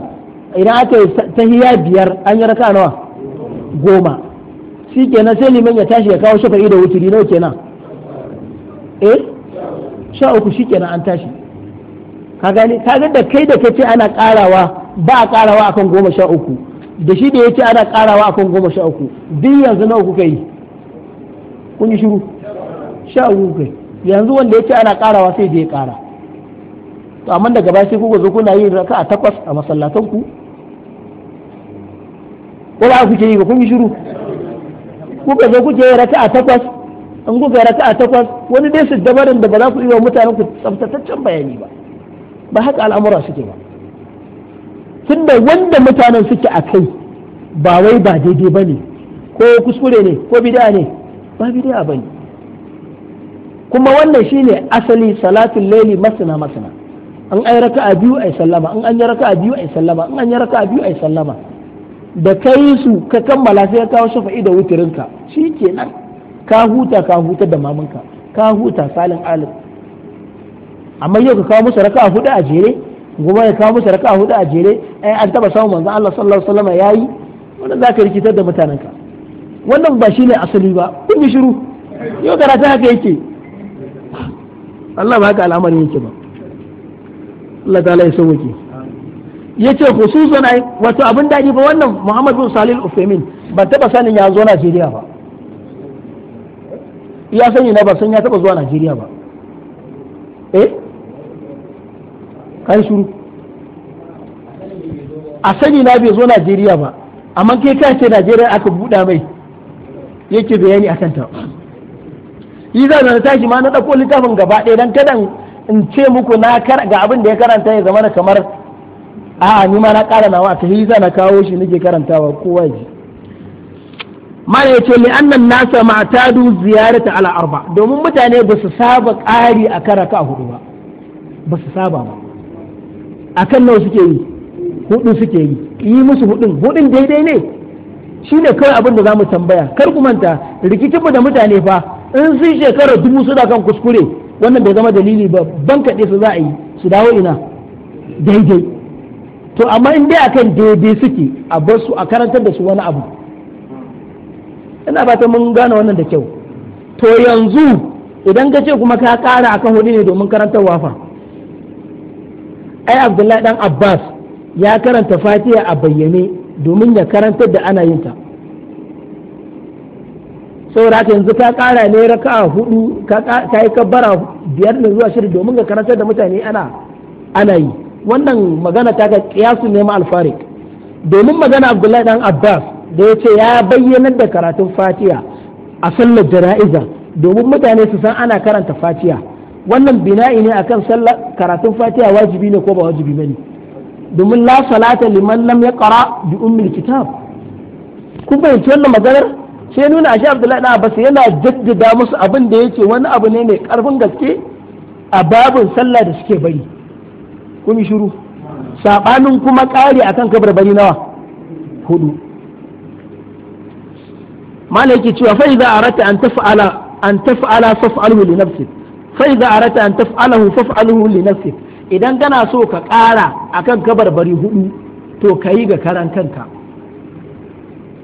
idan aka yi tahiya biyar an yi raka nawa goma shi kenan sai liman ya tashi ya kawo shafa'i da wuturi nawa kenan eh sha uku shi kenan an tashi ka gani ka ga da kai da kace ana karawa ba a karawa akan goma sha uku da shi da yace ana karawa akan goma sha uku duk yanzu nawa kuka yi kun yi shiru sha uku kai yanzu wanda yace ana karawa sai je ya kara to amma daga baya sai kuka zo kuna yin raka'a takwas a masallatan ku ko ba kuke yi ba kun yi shiru kuka zo kuke yi raka'a takwas an kuka raka'a takwas wani dai su dabarin da ba za ku yi wa mutanen ku tsaftataccen bayani ba ba haka al'amura suke ba tunda wanda mutanen suke a kai ba wai ba daidai ba ne ko kuskure ne ko bid'a ne ba bid'a ba ne kuma wannan shine asali salatul laili masana masana an ai raka'a biyu ai sallama an an yi raka'a biyu ai sallama an an yi raka'a biyu ai sallama da ka yi su ka kammala sai ka kawo shafa'i da wutirinka shi nan ka huta ka huta da mamanka ka huta salin alif amma yau ka kawo musu raka'a hudu a jere gobe ka kawo musu raka'a hudu a jere ai an taba samun manzon Allah sallallahu alaihi wasallam yayi wannan zaka rikitar da mutanenka wannan ba shine asali ba kun yi shiru yau ta haka yake Allah ba ka al'amarin yake ba Allah ta ya sauke yace khususan ai wato abin daɗi ba wannan Muhammad bin Salih Ufemin ba taba sanin ya zo Najeriya ba ya sani na ba san ya taba zuwa Najeriya ba eh kai shuru a sani na bai zo Najeriya ba amma kai ka ce Najeriya aka buɗa mai yake bayani a kanta yi za na tashi ma na ɗauko littafin gaba ɗaya dan kada in ce muku na ga abin da ya karanta ya zama kamar a'a ni ma na ƙara nawa ta hiza na kawo shi nake karantawa kowa ji mana yace li annan nasa matadu ziyarata ala arba domin mutane ba su saba ƙari a karaka hudu ba ba su saba ba akan nawa suke yi hudu suke yi yi musu hudun hudun daidai ne shi ne kawai abin da za mu tambaya kar ku manta rikicin mu da mutane fa in sun shekara dubu suna kan kuskure wannan bai zama dalili ba ban kaɗe su za a yi su dawo ina daidai to amma in dai akan daidai suke a bar su a karantar da su wani abu ina ta mun gane wannan da kyau to yanzu idan ka ce kuma ka kara akan hudu ne domin karantar wafa ai abdullahi dan abbas ya karanta fatiha a bayyane domin ya karantar da ana yin ta saboda haka yanzu ka kara ne raka hudu ka yi kabbara biyar da zuwa shirin domin ka karantar da mutane ana ana yi wannan magana ta ga kiyasu ne ma alfarik domin magana abdullahi dan abbas da ya ce ya bayyanar da karatun fatiha a sallar jana'iza domin mutane su san ana karanta Fatiya wannan bina'i ne akan sallar karatun fatiha wajibi ne ko ba wajibi bane domin la salata liman lam yaqra bi ummil kitab kun fahimci wannan maganar sai nuna ashe abdullahi dan abbas yana jaddada musu abin da yake wani abu ne mai karfin gaske a babin sallah da suke bari kumi shuru shiru kuma ƙari akan kabarbari nawa hudu mala yake cewa za a rata an taf'ala an taf'ala faf'alhu li fai za a rata an taf'alahu faf'alhu li nafsi idan kana so ka ƙara kan kabarbari hudu to ka yi ga karan kanka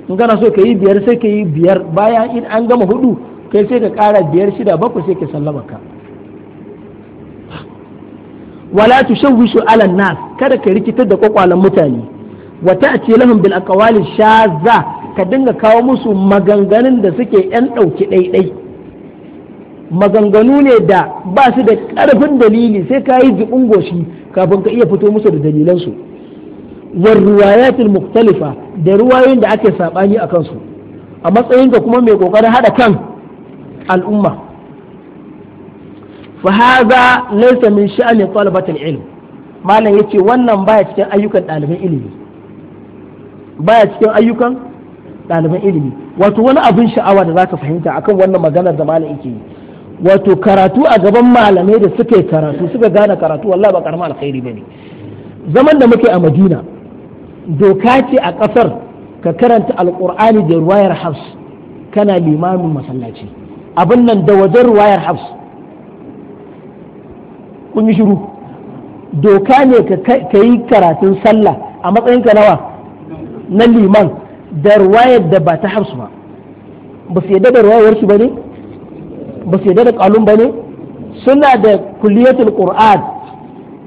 in kana so ka yi biyar sai ka yi biyar bayan an gama hudu kai sai ka ƙara biyar shida bakwai sai ka sallama ka wala tushawwishu ala nas kada ka rikitar da kwakwalan mutane wa ta'ti lahum bil aqwali shazza ka dinga kawo musu maganganun da suke yan dauki daidai maganganu ne da ba su da karfin dalili sai ka yi jibin goshi kafin ka iya fito musu da dalilansu war riwayatul muktalifa da ruwayoyin da ake sabani akan su a matsayin ka kuma mai kokarin hada kan al'umma fa hadha laysa min sha'ni talabatil ilm malam yace wannan baya cikin ayyukan ɗaliban ilimi baya cikin ayyukan ɗaliban ilimi wato wani abin sha'awa da zaka fahimta akan wannan maganar da malam yake yi wato karatu a gaban malamai da suka yi karatu suka gane karatu wallahi ba karama alkhairi bane zaman da muke a madina doka ce a kasar ka karanta Alƙur'ani da ruwayar hafs kana limamin masallaci abin nan da wajen ruwayar hafs kun yi shiru doka ne ka yi karatun sallah a matsayin ka nawa na liman da ruwayar da ba ta hafsu ba ba su yadda da ruwayar shi ba ne ba su yadda da kalun ba ne suna da kuliyatul qur'an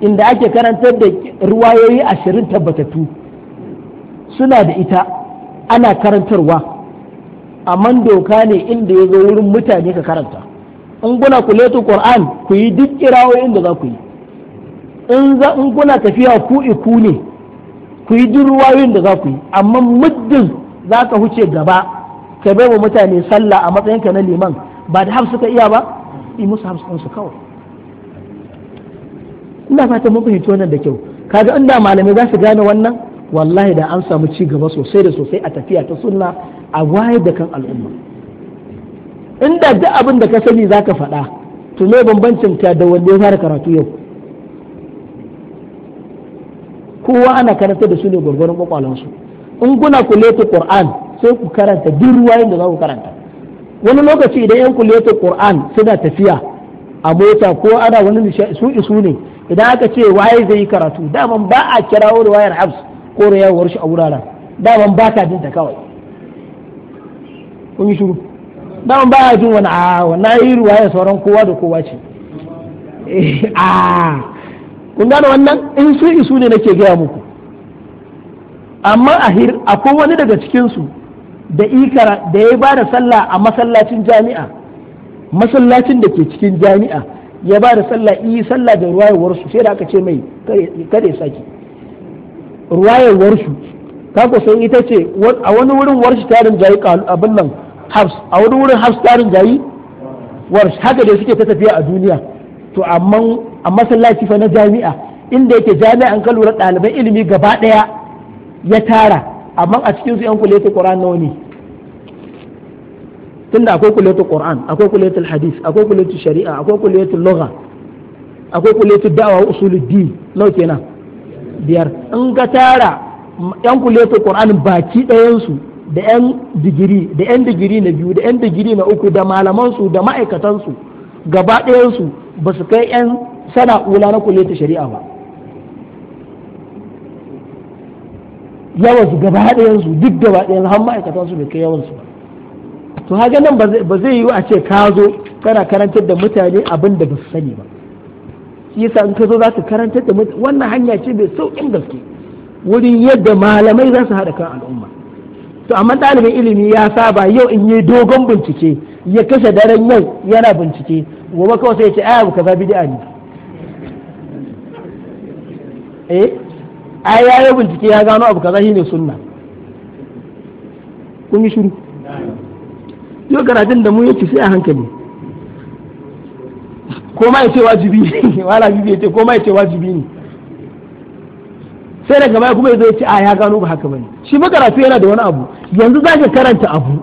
inda ake karantar da ruwayoyi ashirin tabbatattu suna da ita ana karantarwa amma doka ne inda ya zo wurin mutane ka karanta in kuna kuletu qur'an ku yi duk kirawoyin da za ku yi in za in kuna tafiya ku iku ne ku yi duk ruwayoyin da za ku yi amma muddin za ka huce gaba ka bai wa mutane sallah a matsayin ka na liman ba da hafsu ka iya ba yi musu hafsu su kawai ina fata mun fahimci wannan da kyau kaga inda malamai za su gane wannan wallahi da an samu ci gaba sosai da sosai a tafiya ta sunna a wayar da kan al'umma inda duk abin da ka sani zaka faɗa to me bambancin ka da wanda ya fara karatu yau kowa ana karanta da su ne gwargwaron su in kuna leta qur'an sai ku karanta duk ruwayen da za ku karanta wani lokaci idan yan kulleta qur'an suna tafiya a mota ko ana wani su isu ne idan aka ce waye zai yi karatu daman ba a kira ruwayar habs ko ruwayar shi a wuraren daman ba ka jin ta kawai kun yi shiru dan ya jin wani a ah, wannan yi ruwa ya sauran kowa da kowa ce eh, a ah, kun gane wannan in su isu ne nake gaya muku amma hir akwai wani daga cikinsu da ikara da ya ba da sallah a masallacin jami'a masallacin da ke cikin jami'a ya ba da sallah yi sallah da ruwayewarsu sai da aka ce mai kare saki ruwayewarsu ta sai ita ce a wani wurin warshi tarin jayi abin nan habs a wani wurin habs tarin jayi warsh haka da suke ta tafiya a duniya to amma a masallaci fa na jami'a inda yake jami'an ka lura ɗaliban ilimi gaba ɗaya ya tara amma a cikin su yan kuletin qur'an nawa ne tunda akwai kuletin qur'an akwai kuletin hadis akwai kuletin shari'a akwai kuletin lugha akwai kuletin da'awa usuluddin nawa kenan biyar in ka tara yan kuletin qur'an baki ɗayan su da 'yan digiri da 'yan digiri na biyu da 'yan digiri na uku da malamansu da ma'aikatansu gaba ɗayansu ba su kai 'yan ula na kulle ta shari'a ba yawansu gaba ɗayansu duk gaba ɗayan har ma'aikatansu bai kai yawansu ba to haka nan ba zai yi a ce ka zo kana karantar da mutane abin da ba su sani ba shi yasa in ka zo za ka karantar da mutane wannan hanya ce mai sauƙin gaske wurin yadda malamai za su haɗa kan al'umma to amma ɗalibin ilimi ya saba yau in yi dogon bincike ya kashe daren yau yana bincike gobe kawai sai ya ce ayyuka kaza bid'a ne eh ai ya yi bincike ya gano abu kaza shine sunna kun yi shiru yau karatun da mu yake sai a hankali ko ma ya ce wajibi ne wala bibi ya ce ko ma ya ce wajibi ne sai daga baya kuma ya zo ya ce a ya gano ba haka bane shi makaratu yana da wani abu yanzu zaka karanta abu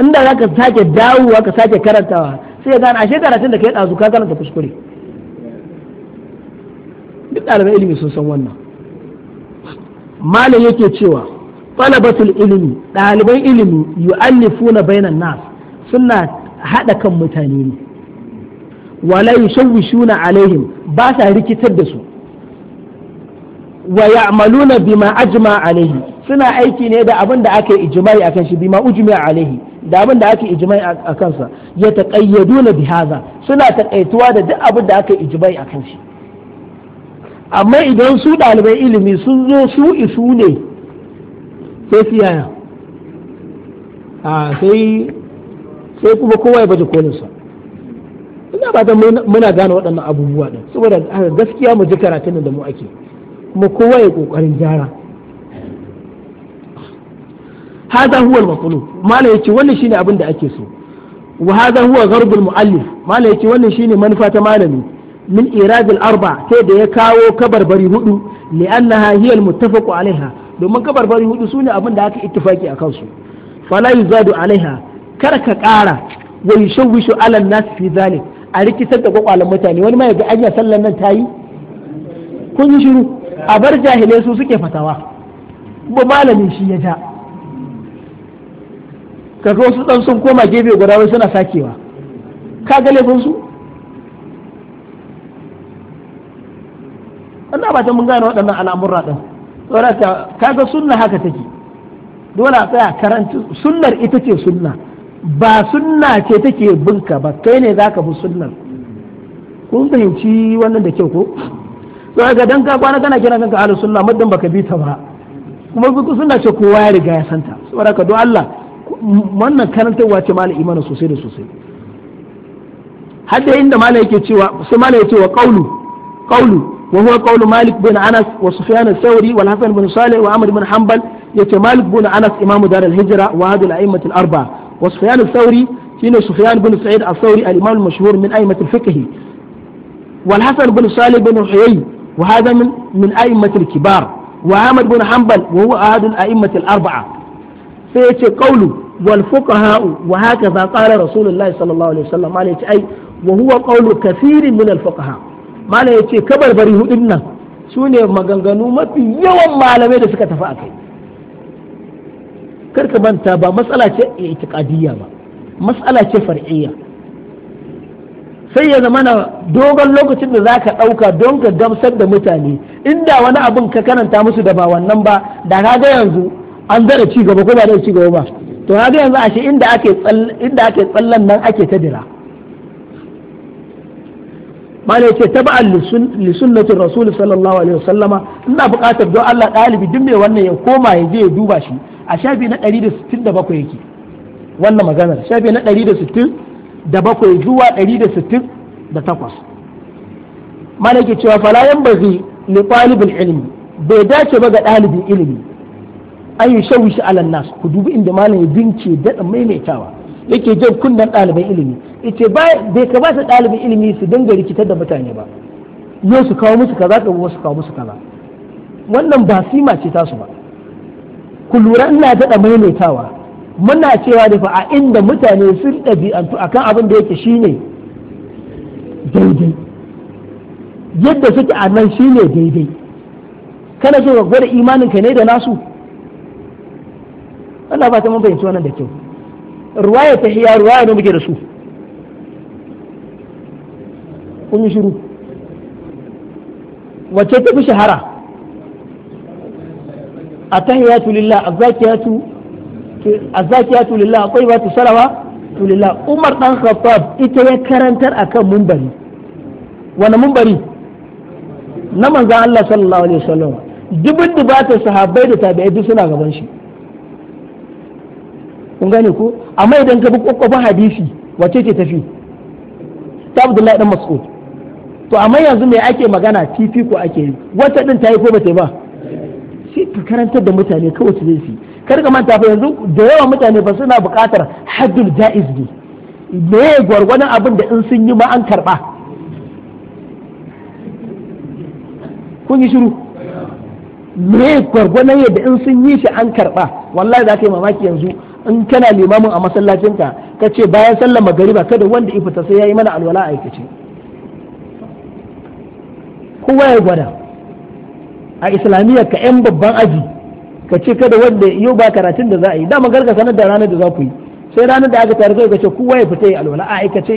inda zaka sake dawowa ka sake karantawa sai ya gane ashe karatun da kai dazu ka karanta kuskure duk ɗaliban ilimi sun san wannan malam yake cewa talabatul ilimi ɗaliban ilimi yu'allifuna bainan nas suna haɗa kan mutane ne wala yushawwishuna alaihim ba sa rikitar da su wa ya'maluna bima ajma alaihi suna aiki ne da abin da aka yi ijma'i akan shi bima ujma alaihi da abin da aka yi ijma'i akan sa ya taqayyaduna bi hadha suna taqaituwa da duk abin da aka yi ijma'i akan shi amma idan su ɗalibai ilimi sun zo su isu ne sai su yaya a sai sai kuma kowa ya baje kolinsa ina ba da muna gane waɗannan abubuwa din saboda gaskiya mu ji karatun da mu ake Mu kowa ya kokarin gyara hada huwa al mala yace wannan shine abin da ake so wa hada huwa gharbul muallif mala yace wannan shine manufa ta malami min iradil arba sai da ya kawo kabarbari hudu li'annaha hiya al-muttafaqu alaiha domin kabarbari hudu sune abin da aka ittifaki akan su fala yuzadu alaiha kar ka kara wa yushawishu ala nas fi zalik a rikitar da kwakwalan mutane wani ma yaga anya sallan nan tayi kun yi shiru a bar jahilai su suke fatawa ba malamin shi ya ja kaga wasu dan sun koma gefe guda wai suna sakewa ka ga laifin su wannan ba ta mun gane waɗannan al'amurra din saboda kaga sunna haka take dole a tsaya karanta sunnar ita ce sunna ba sunna ce take binka ba kai ne zaka bi sunnar kun fahimci wannan da kyau ko to ga dan ka kwana kana kiran kanka ahlus sunna muddin baka bi ta ba kuma bi sunna ce kowa ya riga ya santa saboda ka don Allah wannan karantarwa ce malai imani sosai da sosai hadda inda malai yake cewa sai malai ya ce wa qawlu wa وهو bin مالك بن أنس وسفيان الثوري والحسن بن صالح وعمر بن حنبل يتي مالك بن أنس إمام دار الهجرة وهذه الأئمة الأربعة وسفيان الثوري شنو سفيان بن سعيد الثوري الإمام min من أئمة الفقه والحسن بن صالح بن حيي وهذا من من أئمة الكبار وأحمد بن حنبل وهو أحد الأئمة الأربعة فيتي قوله والفقهاء وهكذا قال رسول الله صلى الله عليه وسلم ما أي وهو قول كثير من الفقهاء ما يتي كبر بريه إبنا سوني مغنغنو ما في يوم ما لم يدسك تفاكي karka manta ba matsala ce itiqadiyya ba matsala ce far'iyya sai ya zama na dogon lokacin da za ka ɗauka don ka gamsar da mutane inda wani abin ka karanta musu da ba wannan ba da ka ga yanzu an zara ci gaba ko ba zai ci gaba ba to ka ga yanzu ashe inda ake inda ake tsallan nan ake ta dira mala yace tab'a li sunnatir rasul sallallahu alaihi wasallama ina buƙatar don Allah ɗalibi duk mai wannan ya koma ya je ya duba shi a shafi na 167 yake wannan maganar shafi na 167 da bakwai zuwa ɗari da sittin da takwas ke cewa falayan bazi li ɗalibin ilimi bai dace ba ga ɗalibin ilimi an yi shi alan nas ku dubi inda malam ya bince daɗa maimaitawa yake jan kunnen ɗaliban ilimi ita bai ka kamata ɗalibin ilimi su dinga rikitar da mutane ba yau su kawo musu kaza ka su kawo musu kaza wannan ba sima ce tasu ba ku lura ina daɗa maimaitawa muna cewa da fa a inda mutane sun ɗabi'antu akan abin da yake shine daidai yadda suke a nan shi ne daidai kana so ka gwada imaninka ne da nasu Allah ba ta mun fahimci wannan da kyau ruwaya ta hiya ruwaya ne muke da su kun yi shiru wacce ta fi shahara a tahiyatu lillah a zakiyatu azzakiyatu akwai tayyibatu salawa to lillah Umar dan Khattab ita ya karantar akan mumbari wani mumbari na manzan Allah sallallahu alaihi wasallam dubin ta sahabbai da tabi'ai duk suna gaban shi kun gane ko amma idan ka bi kokkofa hadisi wace ce tafi ta Abdullahi dan Mas'ud to amma yanzu me ake magana fifi ko ake yi wata din tayi ko bata yi ba sai ka karantar da mutane kawai su zai kar ka manta fa yanzu da yawa mutane ba suna buƙatar haddul ja'iz ne me ya gwargwadon abin da in sun yi ma an karɓa kun yi shiru me ya gwargwadon yadda in sun yi shi an karɓa wallahi za ka yi mamaki yanzu in kana limamin a masallacinka ka ce bayan sallar magariba kada wanda ifita sai ya yi mana alwala aikace kowa ya gwada a islamiyya ka yan babban aji ka ce kada wanda yau ba karatun da za a yi dama garga sanar da ranar da za ku yi sai ranar da aka tare ka ce kowa ya fita ya alwala a aikace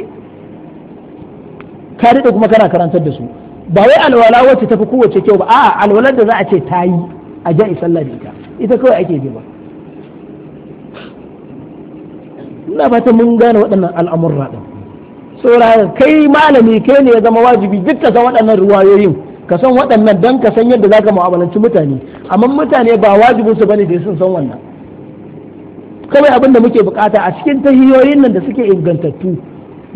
ka rike kuma kana karantar da su ba wai alwala wacce tafi kowace kyau ba a'a alwalar da za a ce ta yi a ja sallah da ita ita kawai ake bi ba ina fata mun gane waɗannan al'amurra ɗin saboda kai malami kai ne ya zama wajibi duk ka san waɗannan ruwayoyin ka san waɗannan don ka san yadda zaka mu'amalanci mutane amma mutane ba wajibin su bane da sun san wannan kawai abin da muke bukata a cikin tahiyoyin nan da suke ingantattu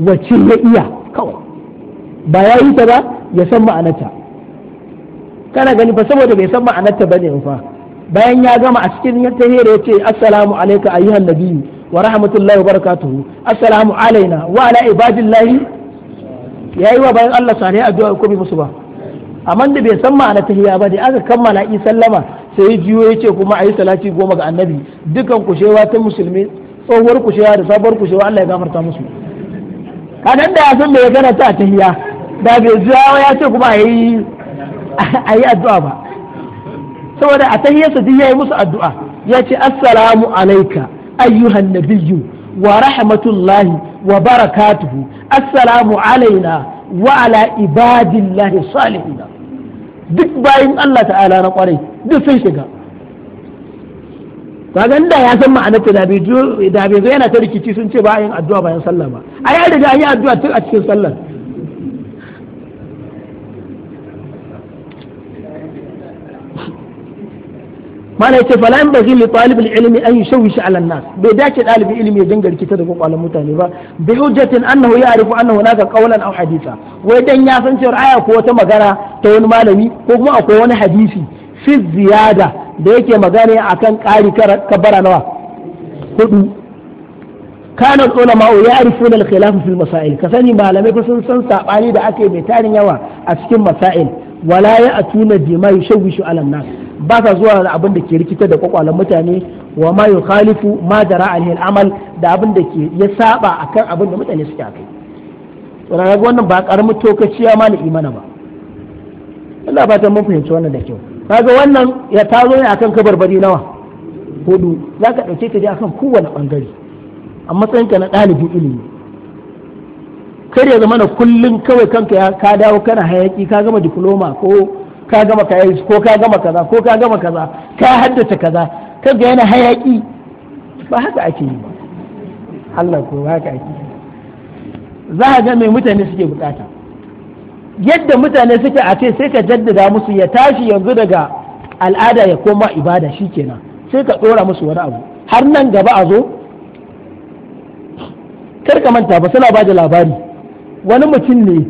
wacce ya iya kawai ba ya yi ta ba ya san ma'anarta kana gani ba saboda bai san ma'anarta bane fa bayan ya gama a cikin ya ya ce assalamu alaika ayyuhan nabiyyu wa rahmatullahi wa barakatuhu assalamu alaina wa ala ibadillahi yayi wa bayan Allah sare addu'a ko bi musu ba amma da bai san ma'ana tahiya ba da aka kammala yi sallama sai jiyo ya ce kuma a yi salati goma ga annabi dukan kushewa ta musulmi tsohuwar kushewa da sabuwar kushewa Allah ya gafarta musu kadan da ya san me ya ta ta da bai ya ce kuma a yi addu'a ba saboda a tahiyyarsa ya yi musu addu'a ya ce assalamu alaika ayyuhan nabiyyu wa rahmatullahi wa barakatuhu assalamu alaina وعلى عباد الله الصالحين duk bayan Allah ta'ala na kwarai duk sun shiga gan da ya san ma'anar ta da bai zo yana ta rikici sun ce ba yin addu'a bayan sallah ba a yi riga an yi addu'a tun a cikin sallar mana yace fala in bazin li talibul ilmi an yushawishi ala nas bai dace dalibin ilmi ya dinga rikita da kwakwalan mutane ba bi hujjatin annahu ya'rifu anna naka qawlan aw haditha wai dan ya san cewa aya ko wata magana ta wani malami ko kuma akwai wani hadisi fi ziyada da yake magana a kan ƙari kabara nawa hudu kana ma'o ya arifu na khilaf fil masail ka sani malamai fa sun san sabani da ake mai tarin yawa a cikin masail wala ya atuna bima yushawishu ala nas ba ka zuwa da abin da ke rikita da kwakwalan mutane wa ma yukhalifu ma jara alhi amal da abin da ke ya saba akan abin da mutane suke akai wannan ba karamin tokaciya ma na imana ba Allah ba ta mun fahimci wannan da kyau kaga wannan ya zo ne akan kabarbari nawa hudu za ka ɗauke ka je akan kowane ɓangare a matsayinka na ɗalibin ilimi kar ya zama na kullum kawai kanka ya ka dawo kana hayaki ka gama diploma ko ka gama kayan ko ka gama kaza ko ka gama kaza ka haddace kaza kanka yana hayaki ba haka ake yi ba Allah ko haka ake yi za a ga mai mutane suke bukata yadda mutane suke a ce sai ka jaddada musu ya tashi yanzu daga al'ada ya koma ibada shi kenan sai ka ɗora musu wani abu har nan gaba a zo ka manta ba suna ba da labari wani mutum ne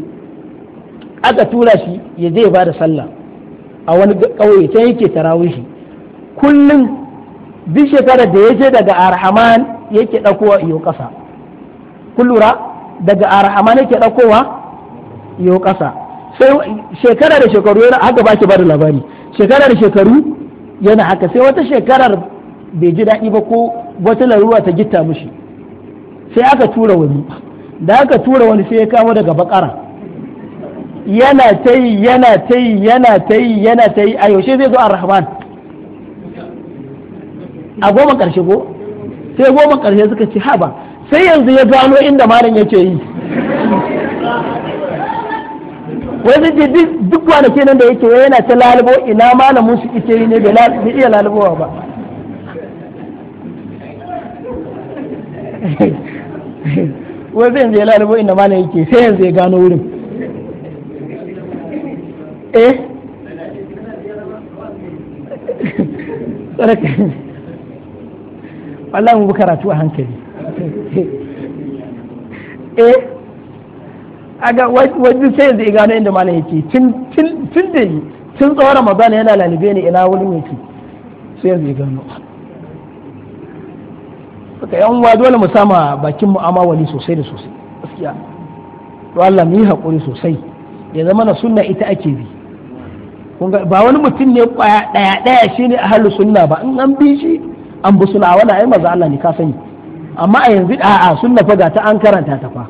aka tura shi ya je ba da sallah a wani ƙauye can yake tarawihi kullum duk shekarar da ya je daga arhaman yake ɗakowa iyo ƙasa kullura daga arhaman yake ɗakowa Yau ƙasa sai shekara da shekaru yana haka ba shi ba da labari shekara da shekaru yana haka sai wata shekarar bai ji daɗi ba ko wata larura ta gitta mushi sai aka tura wani da aka tura wani sai ya kama daga bakara yana ta yi yana ta yi yana ta yi yana ta yi a yaushe zai zo a rahman a goma ƙarshe ko sai goma ƙarshe suka ci haba sai yanzu ya gano inda malam yake yi wani jirgin duk kwanaki nan da yake yana ta lalubo ina malamin su ita yi ne bai iya lalubowa ba wai zai zai lalubo ina malamin yake sai yanzu ya gano wurin eh Allah mu karatu a hankali eh aga wajen sai yanzu gano inda malam yake tun da yi tun tsawon ramadan yana lalibe ne ina wurin yake sai yanzu gano suka yan uwa dole mu sama bakin mu'ama wani sosai da sosai gaskiya to Allah mu yi hakuri sosai ya zama na sunna ita ake bi ba wani mutum ne kwaya daya daya shine ahlus sunna ba in an bi shi an bi sunna wala ai maza Allah ne ka sani amma a yanzu a'a sunna fa ga ta an karanta ta fa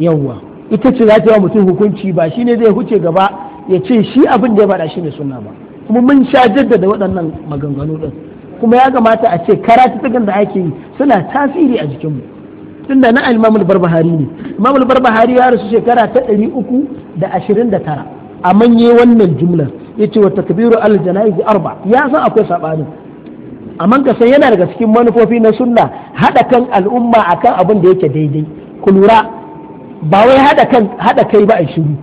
yawwa ita ce za ta yi wa mutum hukunci ba shi ne zai huce gaba ya ce shi abin da ya bada shi ne sunna ba kuma mun sha jaddada waɗannan maganganu ɗin kuma ya kamata a ce ta da ake yi suna tasiri a jikinmu tunda na imamul barbahari ne imamul barbahari ya rasu shekara ta ɗari uku da ashirin da tara a manye wannan jumlar ya ce wa takbiru al janaizi arba ya san akwai saɓanin amma ka san yana daga cikin manufofi na sunna haɗa kan al'umma akan abin da yake daidai ku lura ba wai haɗa kai ba a shiru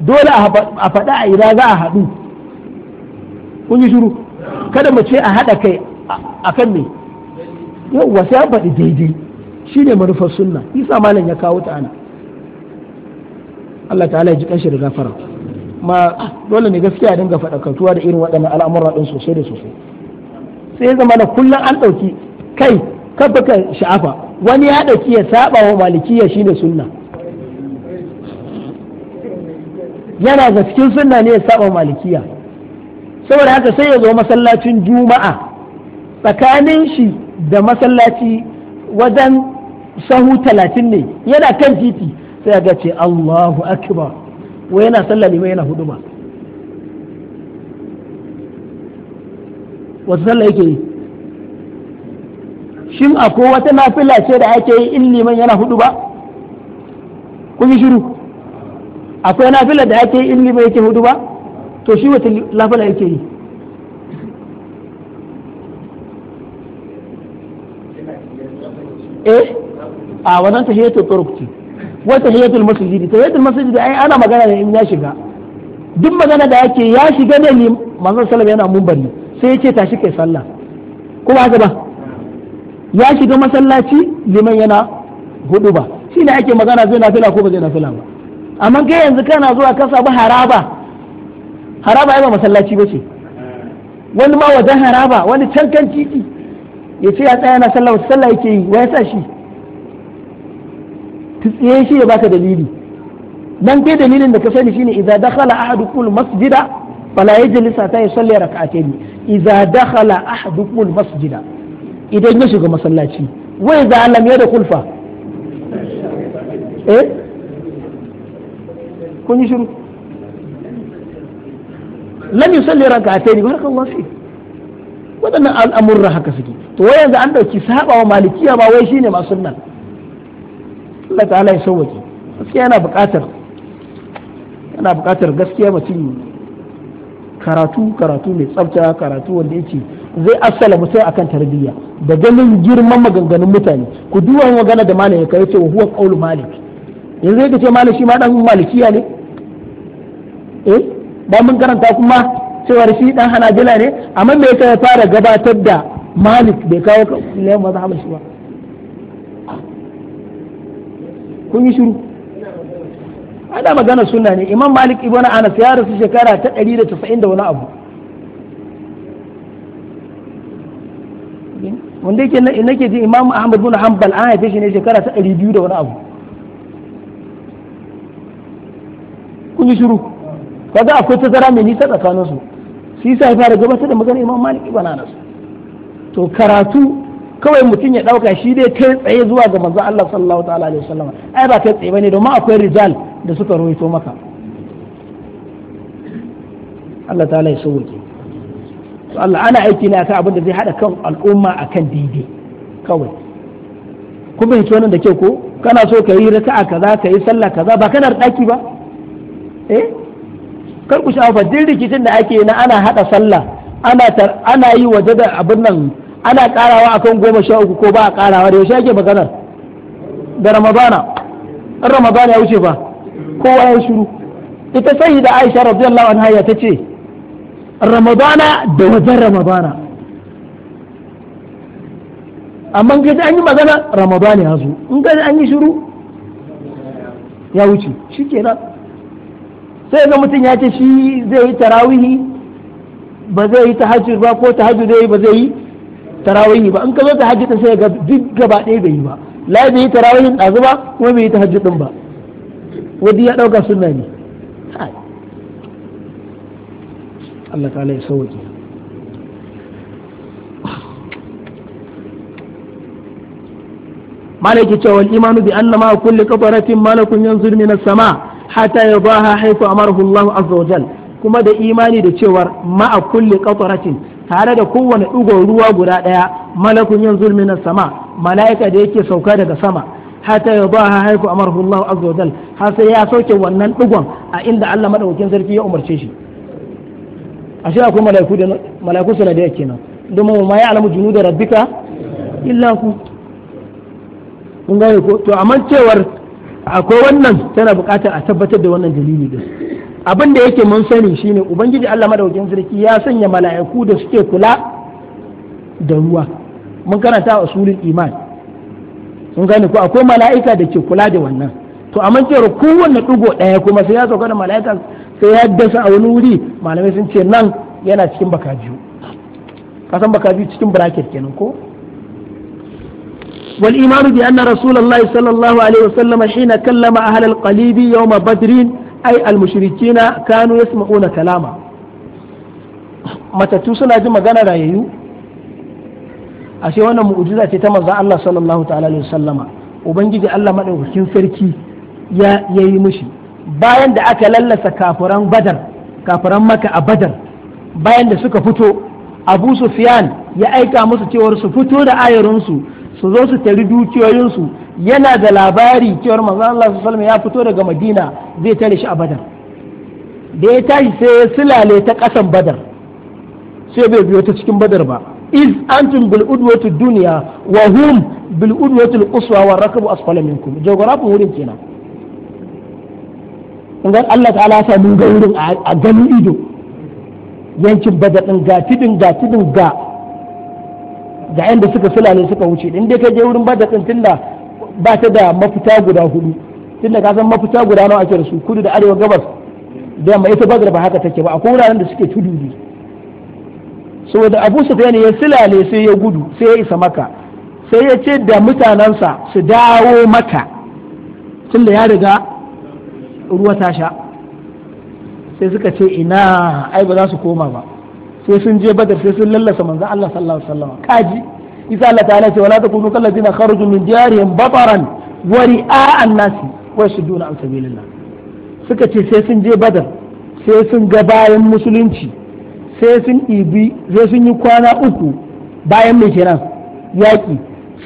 dole a faɗa a ira za a haɗu kun yi shiru kada mu ce a haɗa kai a kan me yau wasu ya faɗi daidai shi ne manufar sunna isa malam ya kawo ta ana Allah ta'ala ya ji kanshi da gafara ma dole ne gaskiya dinga faɗakantuwa da irin waɗannan al'amuran ɗin sosai da sosai sai zama na kullum an ɗauki kai kafa ka sha'afa wani ya ɗauki ya saba wa shi ne sunna yana ga cikin sunna ne ya saba malikiya saboda haka sai ya zo masallacin juma'a tsakanin shi da masallaci wajen sahu talatin ne yana kan titi sai ga ce Allahu akbar wai yana sallah mai yana hudu ba wata sallah yake yi shin akwai wata nafila ce da ake yi in liman yana hudu ba kun yi shiru akwai nafilar da ake yi in liba yake hudu ba to shi wata lafala yake yi eh a wannan hiyatul turuq wata hiyatul masjidi ta hiyatul masjidi ai ana magana ne in ya shiga duk magana da yake ya shiga ne ni manzon sallallahu yana munbari sai yace tashi kai sallah ko ba ba ya shiga masallaci liman yana hudu ba shine ake magana zai fila ko ba zai fila ba amma ke yanzu kana zuwa ka samu haraba haraba ai ba masallaci ba ce, wani ma wajen haraba wani can kan titi ya ce ya tsaya na sallah wata sallah yake yi wai sa shi tsaye shi ya baka dalili dan kai dalilin da ka sani shine idza dakhala ahadukum masjida fala yajlis hatta yusalli rak'atayn idza dakhala ahadukum masjida idan ya shiga masallaci wai za lam yadkhul fa eh kun yi shiru lam yusalli rak'atayn barakallahu fi waɗannan al'amurra haka suke to wai yanzu an dauki saba wa malikiya ba wai shine ma sunna Allah ta'ala ya sauwaki gaskiya yana buƙatar yana buƙatar gaskiya mutum karatu karatu mai tsafta karatu wanda yake zai asala mutum akan tarbiyya da ganin girman maganganun mutane ku duwa magana da malam ya kai ce wa huwa qaulu malik yanzu yake ce malik shi ma dan malikiya ne eh ba mun karanta kuma cewar shi dan hanajila ne amma me yasa ya fara gabatar da malik bai kawo ne mazhabar shi ba kun yi shiru ana magana sunna ne imam malik ibn anas ya rasu shekara ta 190 da wani abu wanda yake nake ji imam ahmad bin hanbal an haife shi ne shekara ta 200 da wani abu kun yi shiru kaga akwai tazara mai nisa tsakanin su shi yasa ya fara gabatar da maganar Imam Malik ibn Anas to karatu kawai mutum ya dauka shi dai kai tsaye zuwa ga manzon Allah sallallahu ta'ala alaihi wasallam ai ba kai tsaye bane domin akwai rijal da suka rawaito maka Allah ta'ala ya sauke to Allah ana aiki ne akan abin da zai hada kan al'umma akan daidai kawai kuma yace wannan da ke ko kana so ka yi raka'a kaza ka yi sallah kaza ba kana da daki ba eh kar ku sha'afa duk rikicin da ake na ana hada sallah ana ana yi waje da abin nan ana karawa akan goma sha uku ko ba a karawa da yaushe ake maganar da ramadana in ramadana ya wuce fa kowa ya shiru ita sai da aisha radiyallahu anha ya tace ramadana da wajen ramadana amma in an yi magana ramadana ya zo in ga an yi shiru ya wuce shikenan sai ga mutum ya ce shi zai yi tarawihi ba zai yi tahajjud ba ko tahajjud zai yi ba zai yi tarawihi ba in ka zo tahajjud sai ga duk gaba ɗaya bai yi ba la bai yi tarawihin ɗazu ba kuma bai yi tahajjud din ba wadi ya ɗauka sunna ne Allah ta'ala ya sauke malaki cewa imanu bi annama kulli qataratin malakun yanzur min as ya ba ha haifu a azza wa jal kuma da imani da cewar ma'a kulli qatratin tare da kowane ɗigon ruwa guda ɗaya malakun yin na sama mala'ika da yake sauka daga sama hata ya ba ha haifu a azza wa jal har sai ya sauke wannan ɗugon a inda Allah madaukakin sarki ya umarce shi ashe akwai mala'iku da mala'iku suna da yake nan domin ma ya alamu junu da rabbika illa ku kun gane ko to amma cewar akwai wannan tana bukatar a tabbatar da wannan dalili su abin da yake mun sani shine ubangiji Allah madaukakin sarki ya sanya mala'iku da suke kula da ruwa mun karanta a usulul iman sun gane ko akwai mala'ika da ke kula da wannan to amma cewa kowanne dugo ɗaya kuma sai ya sauka da mala'ika sai ya dasa a wani wuri malamai sun ce nan yana cikin baka kasan baka biyu cikin bracket kenan ko والإيمان بأن رسول الله صلى الله عليه وسلم حين كلم أهل القليب يوم بدر أي المشركين كانوا يسمعون كلامه matattu suna jin magana rayayyu ashe wannan mu'jiza ce ta maza Allah sallallahu ubangiji Allah madaukakin sarki ya yayi mishi bayan da aka lallasa kafiran badar kafiran maka a badar bayan da suka fito abu sufyan ya aika musu cewar su fito da ayarinsu su zo su tari dukiyoyinsu yana da labari cewar manzo Allah sallallahu ya fito daga Madina zai tare shi a Badar da ya tashi sai ya silale ta kasan Badar sai bai biyo ta cikin Badar ba iz antum bil udwati dunya wa hum bil udwati al quswa wa rakabu asfala minkum jawgarafin wurin kenan in Allah ta'ala ya mun a ganin ido yankin Badar ga tidin ga tidin ga ga yanda suka sulale suka wuce in dai ka je wurin ba da ba ta da mafita guda hudu tunda ka san mafita guda nawa ake da su kudu da arewa gabas da mai ita badar ba haka take ba akwai wuraren da suke tudu ne saboda Abu Sufyan ya sulale sai ya gudu sai ya isa maka sai ya ce da mutanensa su dawo maka tun da ya riga ruwa ta sha sai suka ce ina ai ba za su koma ba sai sun je badar sai sun lallasa manza Allah sallallahu alaihi wasallam kaji isa Allah ta'ala ce wala takunu kal ladina kharaju min diyarihim babaran wa ri'a an-nasi wa yasudduna an sabilillah suka ce sai sun je badar sai sun ga bayan musulunci sai sun ibi sai sun yi kwana uku bayan mai kenan yaki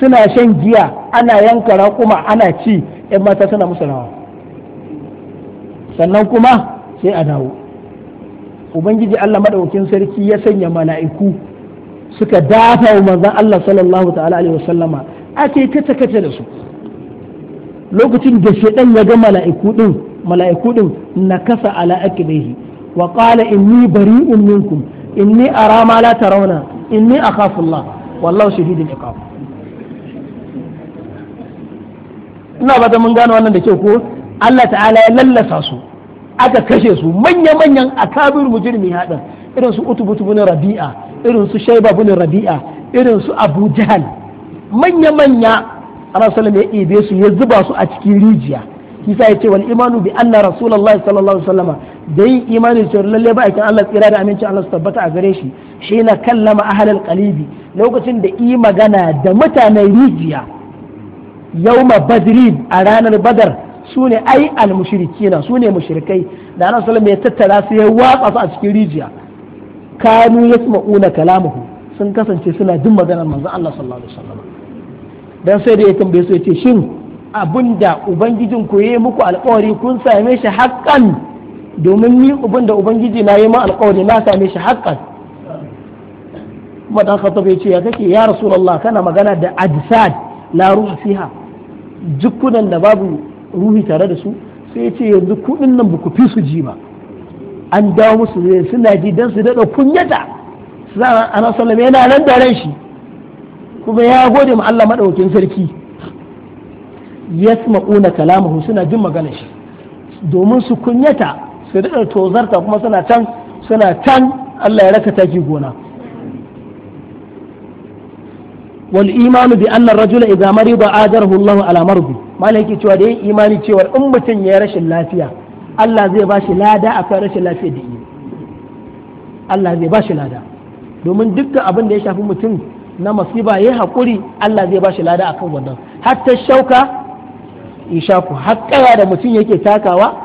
suna shan giya ana yanka raƙuma ana ci 'yan mata suna musu sannan kuma sai a dawo ubangiji Allah madaukakin sarki ya sanya mala'iku suka dafa wa Allah sallallahu ta'ala alaihi wasallama ake kace kace da su lokacin da shedan ya ga mala'iku din mala'iku din nakasa ala akbihi wa qala inni bari'un minkum inni ara ma la tarawna inni akhafu Allah wallahu shahidul iqab ina ba mun gane wannan da kyau ko Allah ta'ala ya lallasa su aka kashe su manya-manyan akabir mujirmi haɗin irin su utubutu bunin rabi'a irin su shaiba bunin rabi'a irin su abu manya-manya rasulullah ya ibe su ya zuba su a cikin rijiya kisa ya ce wani imanu bi anna rasulullahi sallallahu alaihi da yi imani da lalle ba aikin Allah tsira da amincin Allah su tabbata a gare shi shi na kallama halin kalibi lokacin da yi magana da mutanen rijiya yauma badirin a ranar badar su ne ai na su ne mushrikai da ana sallallahu ya tattara su ya watsa su a cikin rijiya kanu yasma'una kalamahu sun kasance suna jin maganar manzon Allah sallallahu alaihi wasallam dan sai da ya tambaye su ya ce shin abinda ubangijin ku yayi muku alƙawari kun same shi haƙƙan domin ni da ubangiji na yi ma alƙawari na same shi haƙƙan madan khattab ya ce ya kake ya rasulullah kana magana da ajsad la ruha fiha jukkunan da babu ruhi tare da su sai ya ce yanzu kuɗin nan ba ku fi su ji ba an dawo musu suna ji don su dada kunyata a ana sallama yana nan da ran shi kuma ya gode ma Allah maɗaukin sarki yasma'una kalamahu suna jin magana shi domin su kunyata su daɗa tozarta kuma suna can suna can Allah ya raka taki gona wal imanu bi anna rajula idza marida ajarahu Allah ala marbi malai yake cewa da imani cewa in mutum ya rashin lafiya Allah zai ba shi lada akan rashin lafiya da yi Allah zai ba shi lada domin dukkan abin da ya shafi mutum na masiba ya hakuri Allah zai ba shi lada akan wannan har hatta shauka ya har kaya da mutum yake takawa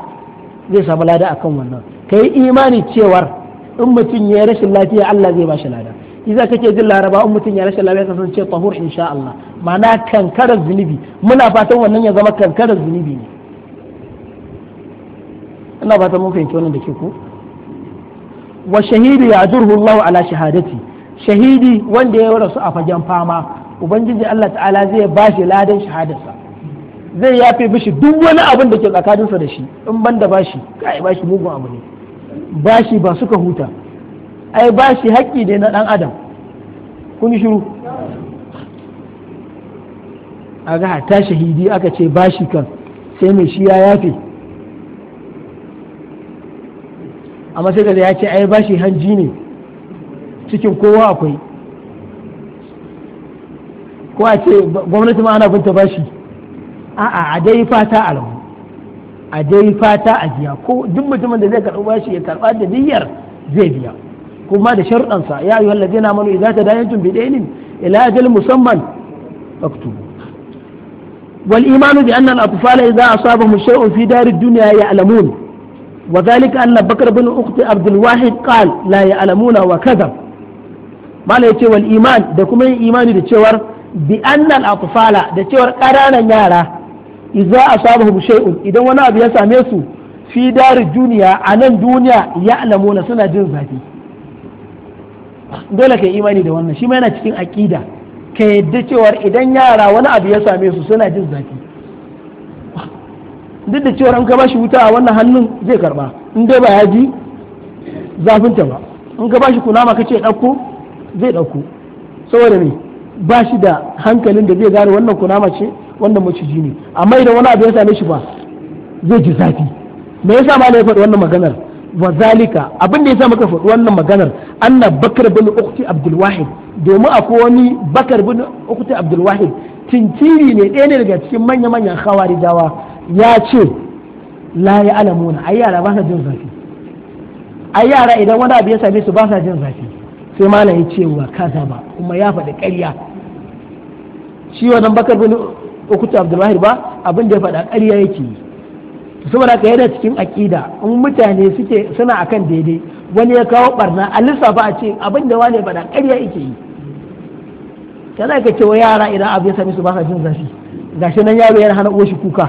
zai samu lada akan wannan kai imani cewar in mutum ya rashin lafiya Allah zai ba shi lada iza kake jin laraba in mutum ya rashin lafiya kasan ce tahur insha Allah ma'ana kankarar zunubi muna fatan wannan ya zama kankarar zunubi ne ina fatan mun fahimci wannan da ke ko wa shahidu ya ajurhu Allah ala shahadati shahidi wanda ya rasu a fagen fama ubangiji Allah ta'ala zai ba shi ladan shahadarsa zai yafe mishi duk wani abin da ke tsakaninsa da shi in ban da bashi kai bashi mugun abu ne bashi ba suka huta ai ba shi haƙƙi ne na ɗan adam kun shiru a ga ta shahidi aka ce ba shi kan sai mai shi ya yafe amma sai da ya ce ai ba shi hanji ne cikin kowa akwai ko a ce gwamnati ma ana binta ba shi a'a a dai fata a alamu a dai fata a biya ko duk mutumin da zai karɓi bashi ya karɓa da niyyar zai biya kuma da sa ya yi wallafi na manu idan ta dayan tun bide nin ila musamman aktu wal imanu bi anna al atfala idan asabahu shay'un fi darid dunya ya'lamun wa dhalika anna bin ukhti abd al wahid qala la ya'lamuna iman da kuma yin imani da cewar bi anna al atfala da cewar ƙananan yara idan asabahu shay'un idan wani abu ya same su fi duniya a nan duniya ya ya'lamuna suna jin zafi dole ka yi imani da wannan shi ma yana cikin aƙida ka yadda cewar idan yara wani abu ya same su suna jin zafi duk da cewar an ka bashi wuta a wannan hannun zai karba in dai ba ya ji zafinta ba in ka bashi kunama ka ce ɗauko zai ɗauko saboda ne ba shi da hankalin da zai gane wannan kunama ce wannan maciji ne amma idan wani abu ya same shi ba zai ji zafi me yasa ma ya faɗi wannan maganar wa zalika abin da sa muka faɗi wannan maganar anna bakar bin ukti abdul wahid domin akwai wani bakar bin ukti abdul wahid tintiri ne ɗaya ne daga cikin manya-manyan khawarijawa ya ce la ya alamuna ai yara ba sa jin zafi ai yara idan wani abu ya same su ba sa jin zafi sai malam ya ce wa kaza ba kuma ya faɗi ƙarya shi wannan bakar bin ukti abdul wahid ba abin da ya faɗa ƙarya yake yi saboda ka yana cikin aƙida in mutane suke suna akan daidai wani ya kawo barna a lissafa a ce abin da wane bada ƙarya yake yi kana ka cewa yara idan abu ya sami su ba sa jin zafi gashi nan yaro yana hana shi kuka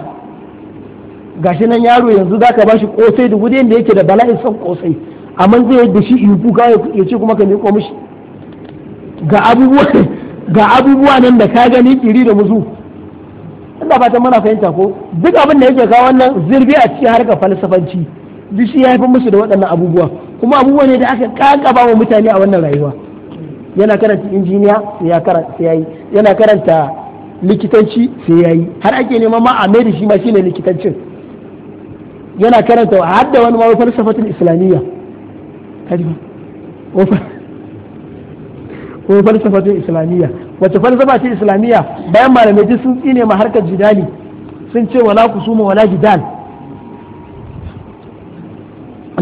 gashi nan yaro yanzu za ka ba shi kosai da gudun da yake da bala'in son kosai amma zai da shi yi kuka ya ce kuma ka miƙo mishi ga abubuwa nan da ka gani kiri da musu ba ta mana fahimta ko duk abin da yake kawo wannan zirbi a cikin harkar falsafanci duk shi ya haifar musu da waɗannan abubuwa kuma abubuwa ne da aka kakaba wa mutane a wannan rayuwa yana karanta injiniya sai ya karanta yayi yana karanta likitanci sai yayi har ake neman ma a mai da shi ma shine likitancin yana karanta har da wani ma falsafatin islamiyya kaji ba ko falsafatun islamiyya wace falsafa ce islamiyya bayan malamai duk sun tsine ma harkar jidali sun ce wala kusuma wala jidal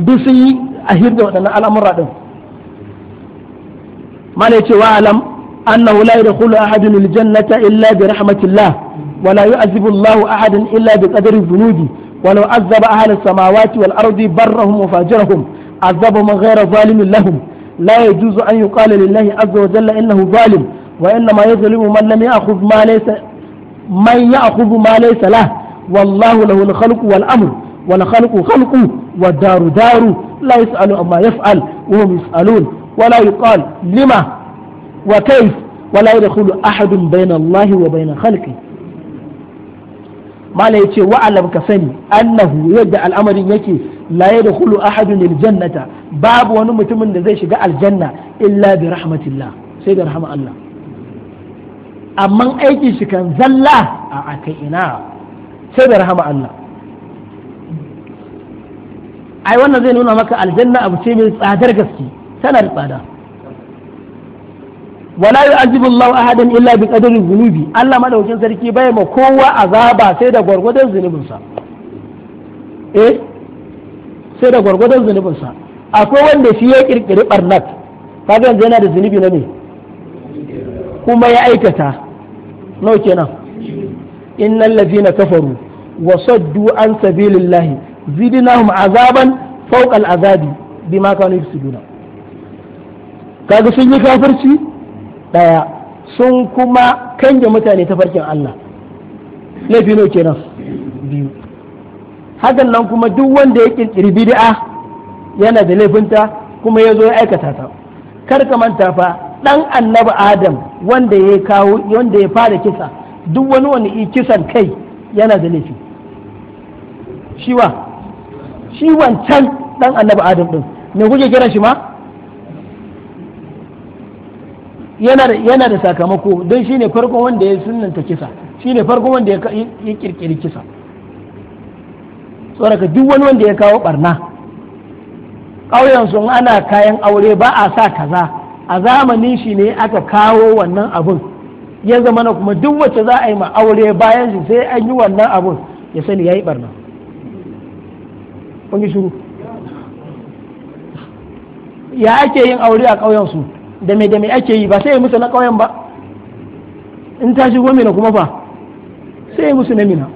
duk sun yi ahir da waɗannan al'amura ɗin mana ya ce wa alam anna la yadkhulu ahadun aljannata illa bi rahmatillah wa la yu'azibu Allahu ahadan illa bi qadri dhunubi wa law azaba ahli samawati wal ardi barrahum wa fajirahum azaba man ghayra zalimin lahum لا يجوز أن يقال لله عز وجل إنه ظالم وإنما يظلم من لم يأخذ ما ليس من يأخذ ما ليس له والله له الخلق والأمر ولخلق خلقه والدار دار لا يسأل عما يفعل وهم يسألون ولا يقال لما وكيف ولا يدخل أحد بين الله وبين خلقه ما لا يتشي وعلم كفني أنه يدع الأمر يكي la yadkhulu ahadun aljannata babu wani mutumin da zai shiga aljanna illa bi rahmatillah sai da rahama Allah amma aiki shi kan zalla a akai ina sai da rahama Allah ai wannan zai nuna maka aljanna abu ce mai tsadar gaske tana da tsada wala yu'azibu Allah ahadan illa bi qadri dhunubi Allah madaukin sarki bai ma kowa azaba sai da gwargwadon zunubinsa eh sai da gwargwadon zunubinsa akwai wanda shi ya kirkiri barnat kaga yanzu yana da zunubi na ne kuma ya aikata nawa kenan innal na kafaru wa saddu an sabilillahi zidnahum azaban fawqa al'azabi bima kanu duna kaga sun yi kafirci daya sun kuma kanje mutane ta farkin Allah laifi nawa kenan biyu hakan nan kuma duk wanda ya kirkiri bid'a yana da laifinta kuma ya zo ya aikata ta kar ka manta fa dan annabi adam wanda ya kawo wanda ya fara kisa duk wani wani kisan kai yana da laifi shiwa shi wancan dan annabi adam din me kuke kira shi ma yana da yana da sakamako don shine farkon wanda ya sunnanta kisa shine farkon wanda ya kirkiri kisa saboda duk wani wanda ya kawo barna ƙauyen sun ana kayan aure ba a sa kaza a zamanin shi ne aka kawo wannan abun ya zama na kuma duk wacce za a yi ma aure bayan shi sai an yi wannan abun ya sani ya yi barna kun shiru ya ake yin aure a ƙauyen su da me da me ake yi ba sai ya musu na ƙauyen ba in ta shigo mina kuma ba sai ya musu na mina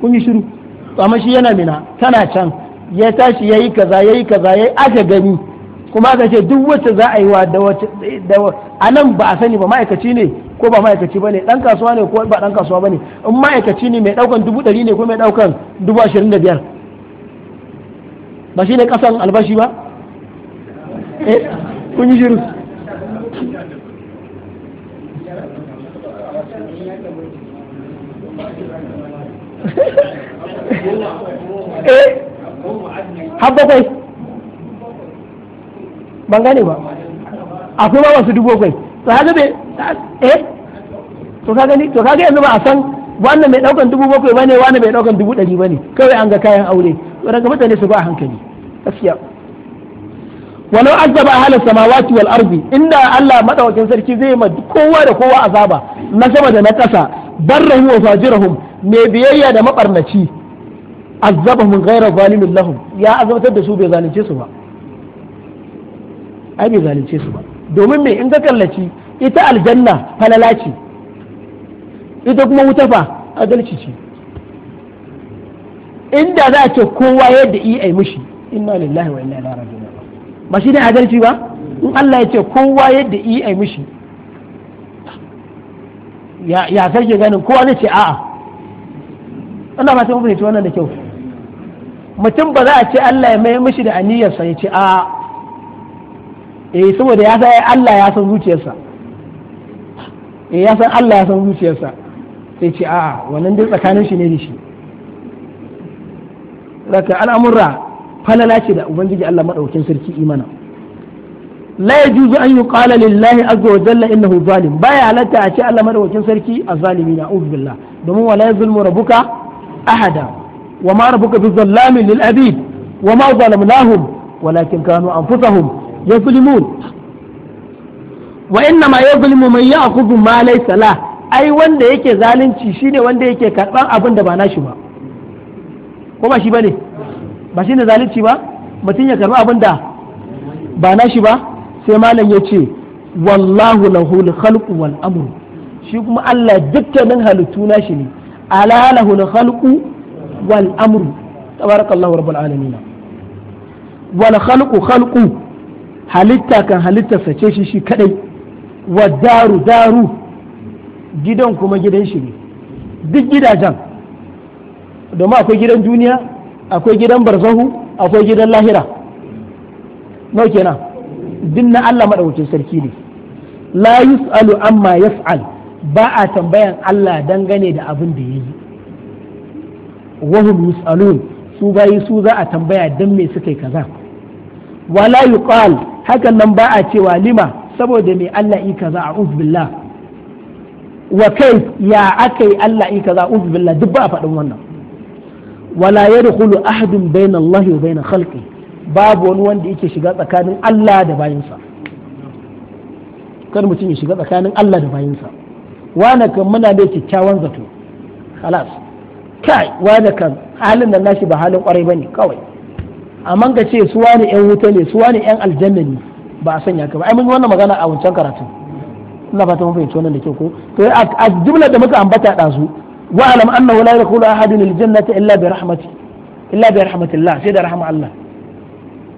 kun yi shiru amma shi yana mina tana can ya tashi yayi kaza yayi kaza yayi aka gani kuma aka ce duk wacce za a yi wa da wacce a nan ba a sani ba ma'aikaci ne ko ba ma'aikaci ba ne ɗan kasuwa ne ko ba ɗan kasuwa ba ne in ma'aikaci ne mai ɗaukan dubu ɗari ne ko mai ɗaukan dubu ashirin da biyar ba shi ne ƙasan albashi ba eh, kun yi shiru eh har bakwai ban gane ba akwai ba wasu dubu bakwai to haka bai eh to ka gani to kaga yanzu ba a san wannan mai daukan dubu bakwai bane wanda mai daukan dubu ɗari bane kawai an ga kayan aure to daga mutane su ba hankali gaskiya walau azaba ahla samawati wal ardi inda Allah madaukakin sarki zai ma kowa da kowa azaba na sama da na ƙasa barrahu wa fajirahum mai biyayya da mabarnaci mun gaira zalimin lahum ya azabtar da su bai zalunce su ba ai bai zalunce su ba domin me in ka kallaci ita aljanna falala ce ita kuma wuta fa adalci ce inda za a ce kowa yadda i ai mushi inna lillahi wa inna ilaihi raji'un ba shi ne adalci ba in Allah ya ce kowa yadda i ai mushi ya sarki ganin kowa zai ce a'a Allah ba ta mafi wannan da kyau mutum ba za a ce Allah ya mai mishi da aniyarsa ya ce a eh saboda ya san Allah ya san zuciyarsa eh ya san Allah ya san zuciyarsa sai ce a wannan dai tsakanin shi ne da shi raka al'amurra falala ce da ubangiji Allah madaukakin sarki imana la yajuzu an yuqala lillahi azza wa jalla innahu zalim baya halatta a ce Allah madaukakin sarki azzalimi na billah domin wala yazlimu rabbuka ahada وما ربك بظلام للأبيد وما ظلمناهم ولكن كانوا أنفسهم يظلمون وإنما يظلم من يأخذ ما ليس له أي wanda yake zalunci shine wanda yake karban abin da ba nashi ba ko ba shi bane ba shine zalunci ba mutum ya karɓi abin da ba nashi ba sai malam ya ce wallahu lahul khalqu wal amru shi kuma Allah dukkanin halittu nashi ne ala lahul khalqu wal amru tabarakallahu rabbul alamin wal khalqu khalqu halitta kan halitta sace shi shi kadai wa daru daru gidan kuma gidan shi ne duk gidajen domin akwai gidan duniya akwai gidan barzahu akwai gidan lahira nau kenan duk na Allah madaukakin sarki ne la yus'alu amma yas'al ba a tambayan Allah dangane da abin da yayi wahum yus'alun su bayi su za a tambaya dan me suka yi kaza wala yuqal hakan nan ba a cewa lima saboda me Allah yi kaza a'udhu billah wa kai ya akai Allah yi kaza a'udhu billah duk ba a faɗin wannan wala yadkhulu ahadun bayna Allah babu wani wanda yake shiga tsakanin Allah da bayinsa kar mutum ya shiga tsakanin Allah da bayinsa wane kan muna da kyakkyawan zato halas kai wane kan halin nan nashi ba halin kwarai bane kawai amma ka ce su wani yan wuta ne su wani yan aljanna ne ba a sanya ka ba ai mun yi wannan magana a wancan karatu ina fata mun fahimci wannan da ke ko to a jumla da muka ambata da su wa alam annahu la yakulu ahadun aljannati illa bi rahmati illa bi rahmatillah sai da rahma Allah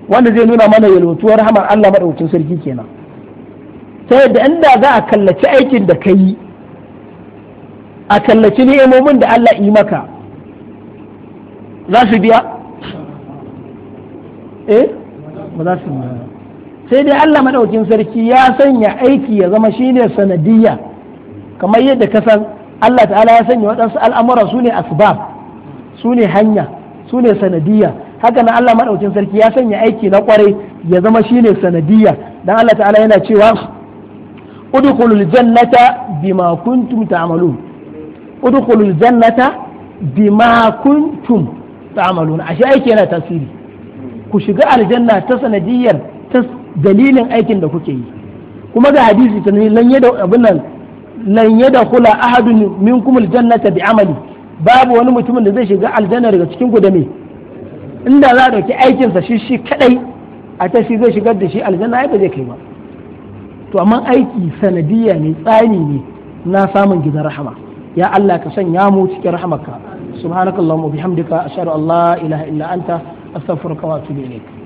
wanda zai nuna mana yalwatuwar rahmar Allah madaukakin sarki kenan ta yadda inda za a kallaci aikin da ka yi a kallaci ni'imomin da Allah yi maka za su biya eh ba za su biya sai dai Allah madaukin sarki ya sanya aiki ya zama shine sanadiyya kamar yadda ka san Allah ta'ala ya sanya waɗansu al'amura su ne asbab su ne hanya su ne sanadiyya haka nan Allah maɗaukin sarki ya sanya aiki na kwarai ya zama shine sanadiyya dan Allah ta'ala yana cewa udkhulul jannata bima kuntum ta'malun udkhulul jannata bima kuntum ta'maluna ashe aiki yana tasiri ku shiga aljanna ta sanadiyar ta dalilin aikin da kuke yi kuma ga hadisi ta lan yada da nan lan yada kula ahadun minkum aljannata bi amali babu wani mutumin da zai shiga aljanna daga cikin ku da me inda za a dauki aikin sa shi shi kadai a ta shi zai shigar da shi aljanna ai ba zai kai ba to amma aiki sanadiyya ne tsani ne na samun gidan rahama ya Allah ka sanya mu cikin rahamarka subhanakallahumma bihamdika ashhadu an allah ilaha illa anta astaghfiruka wa atubu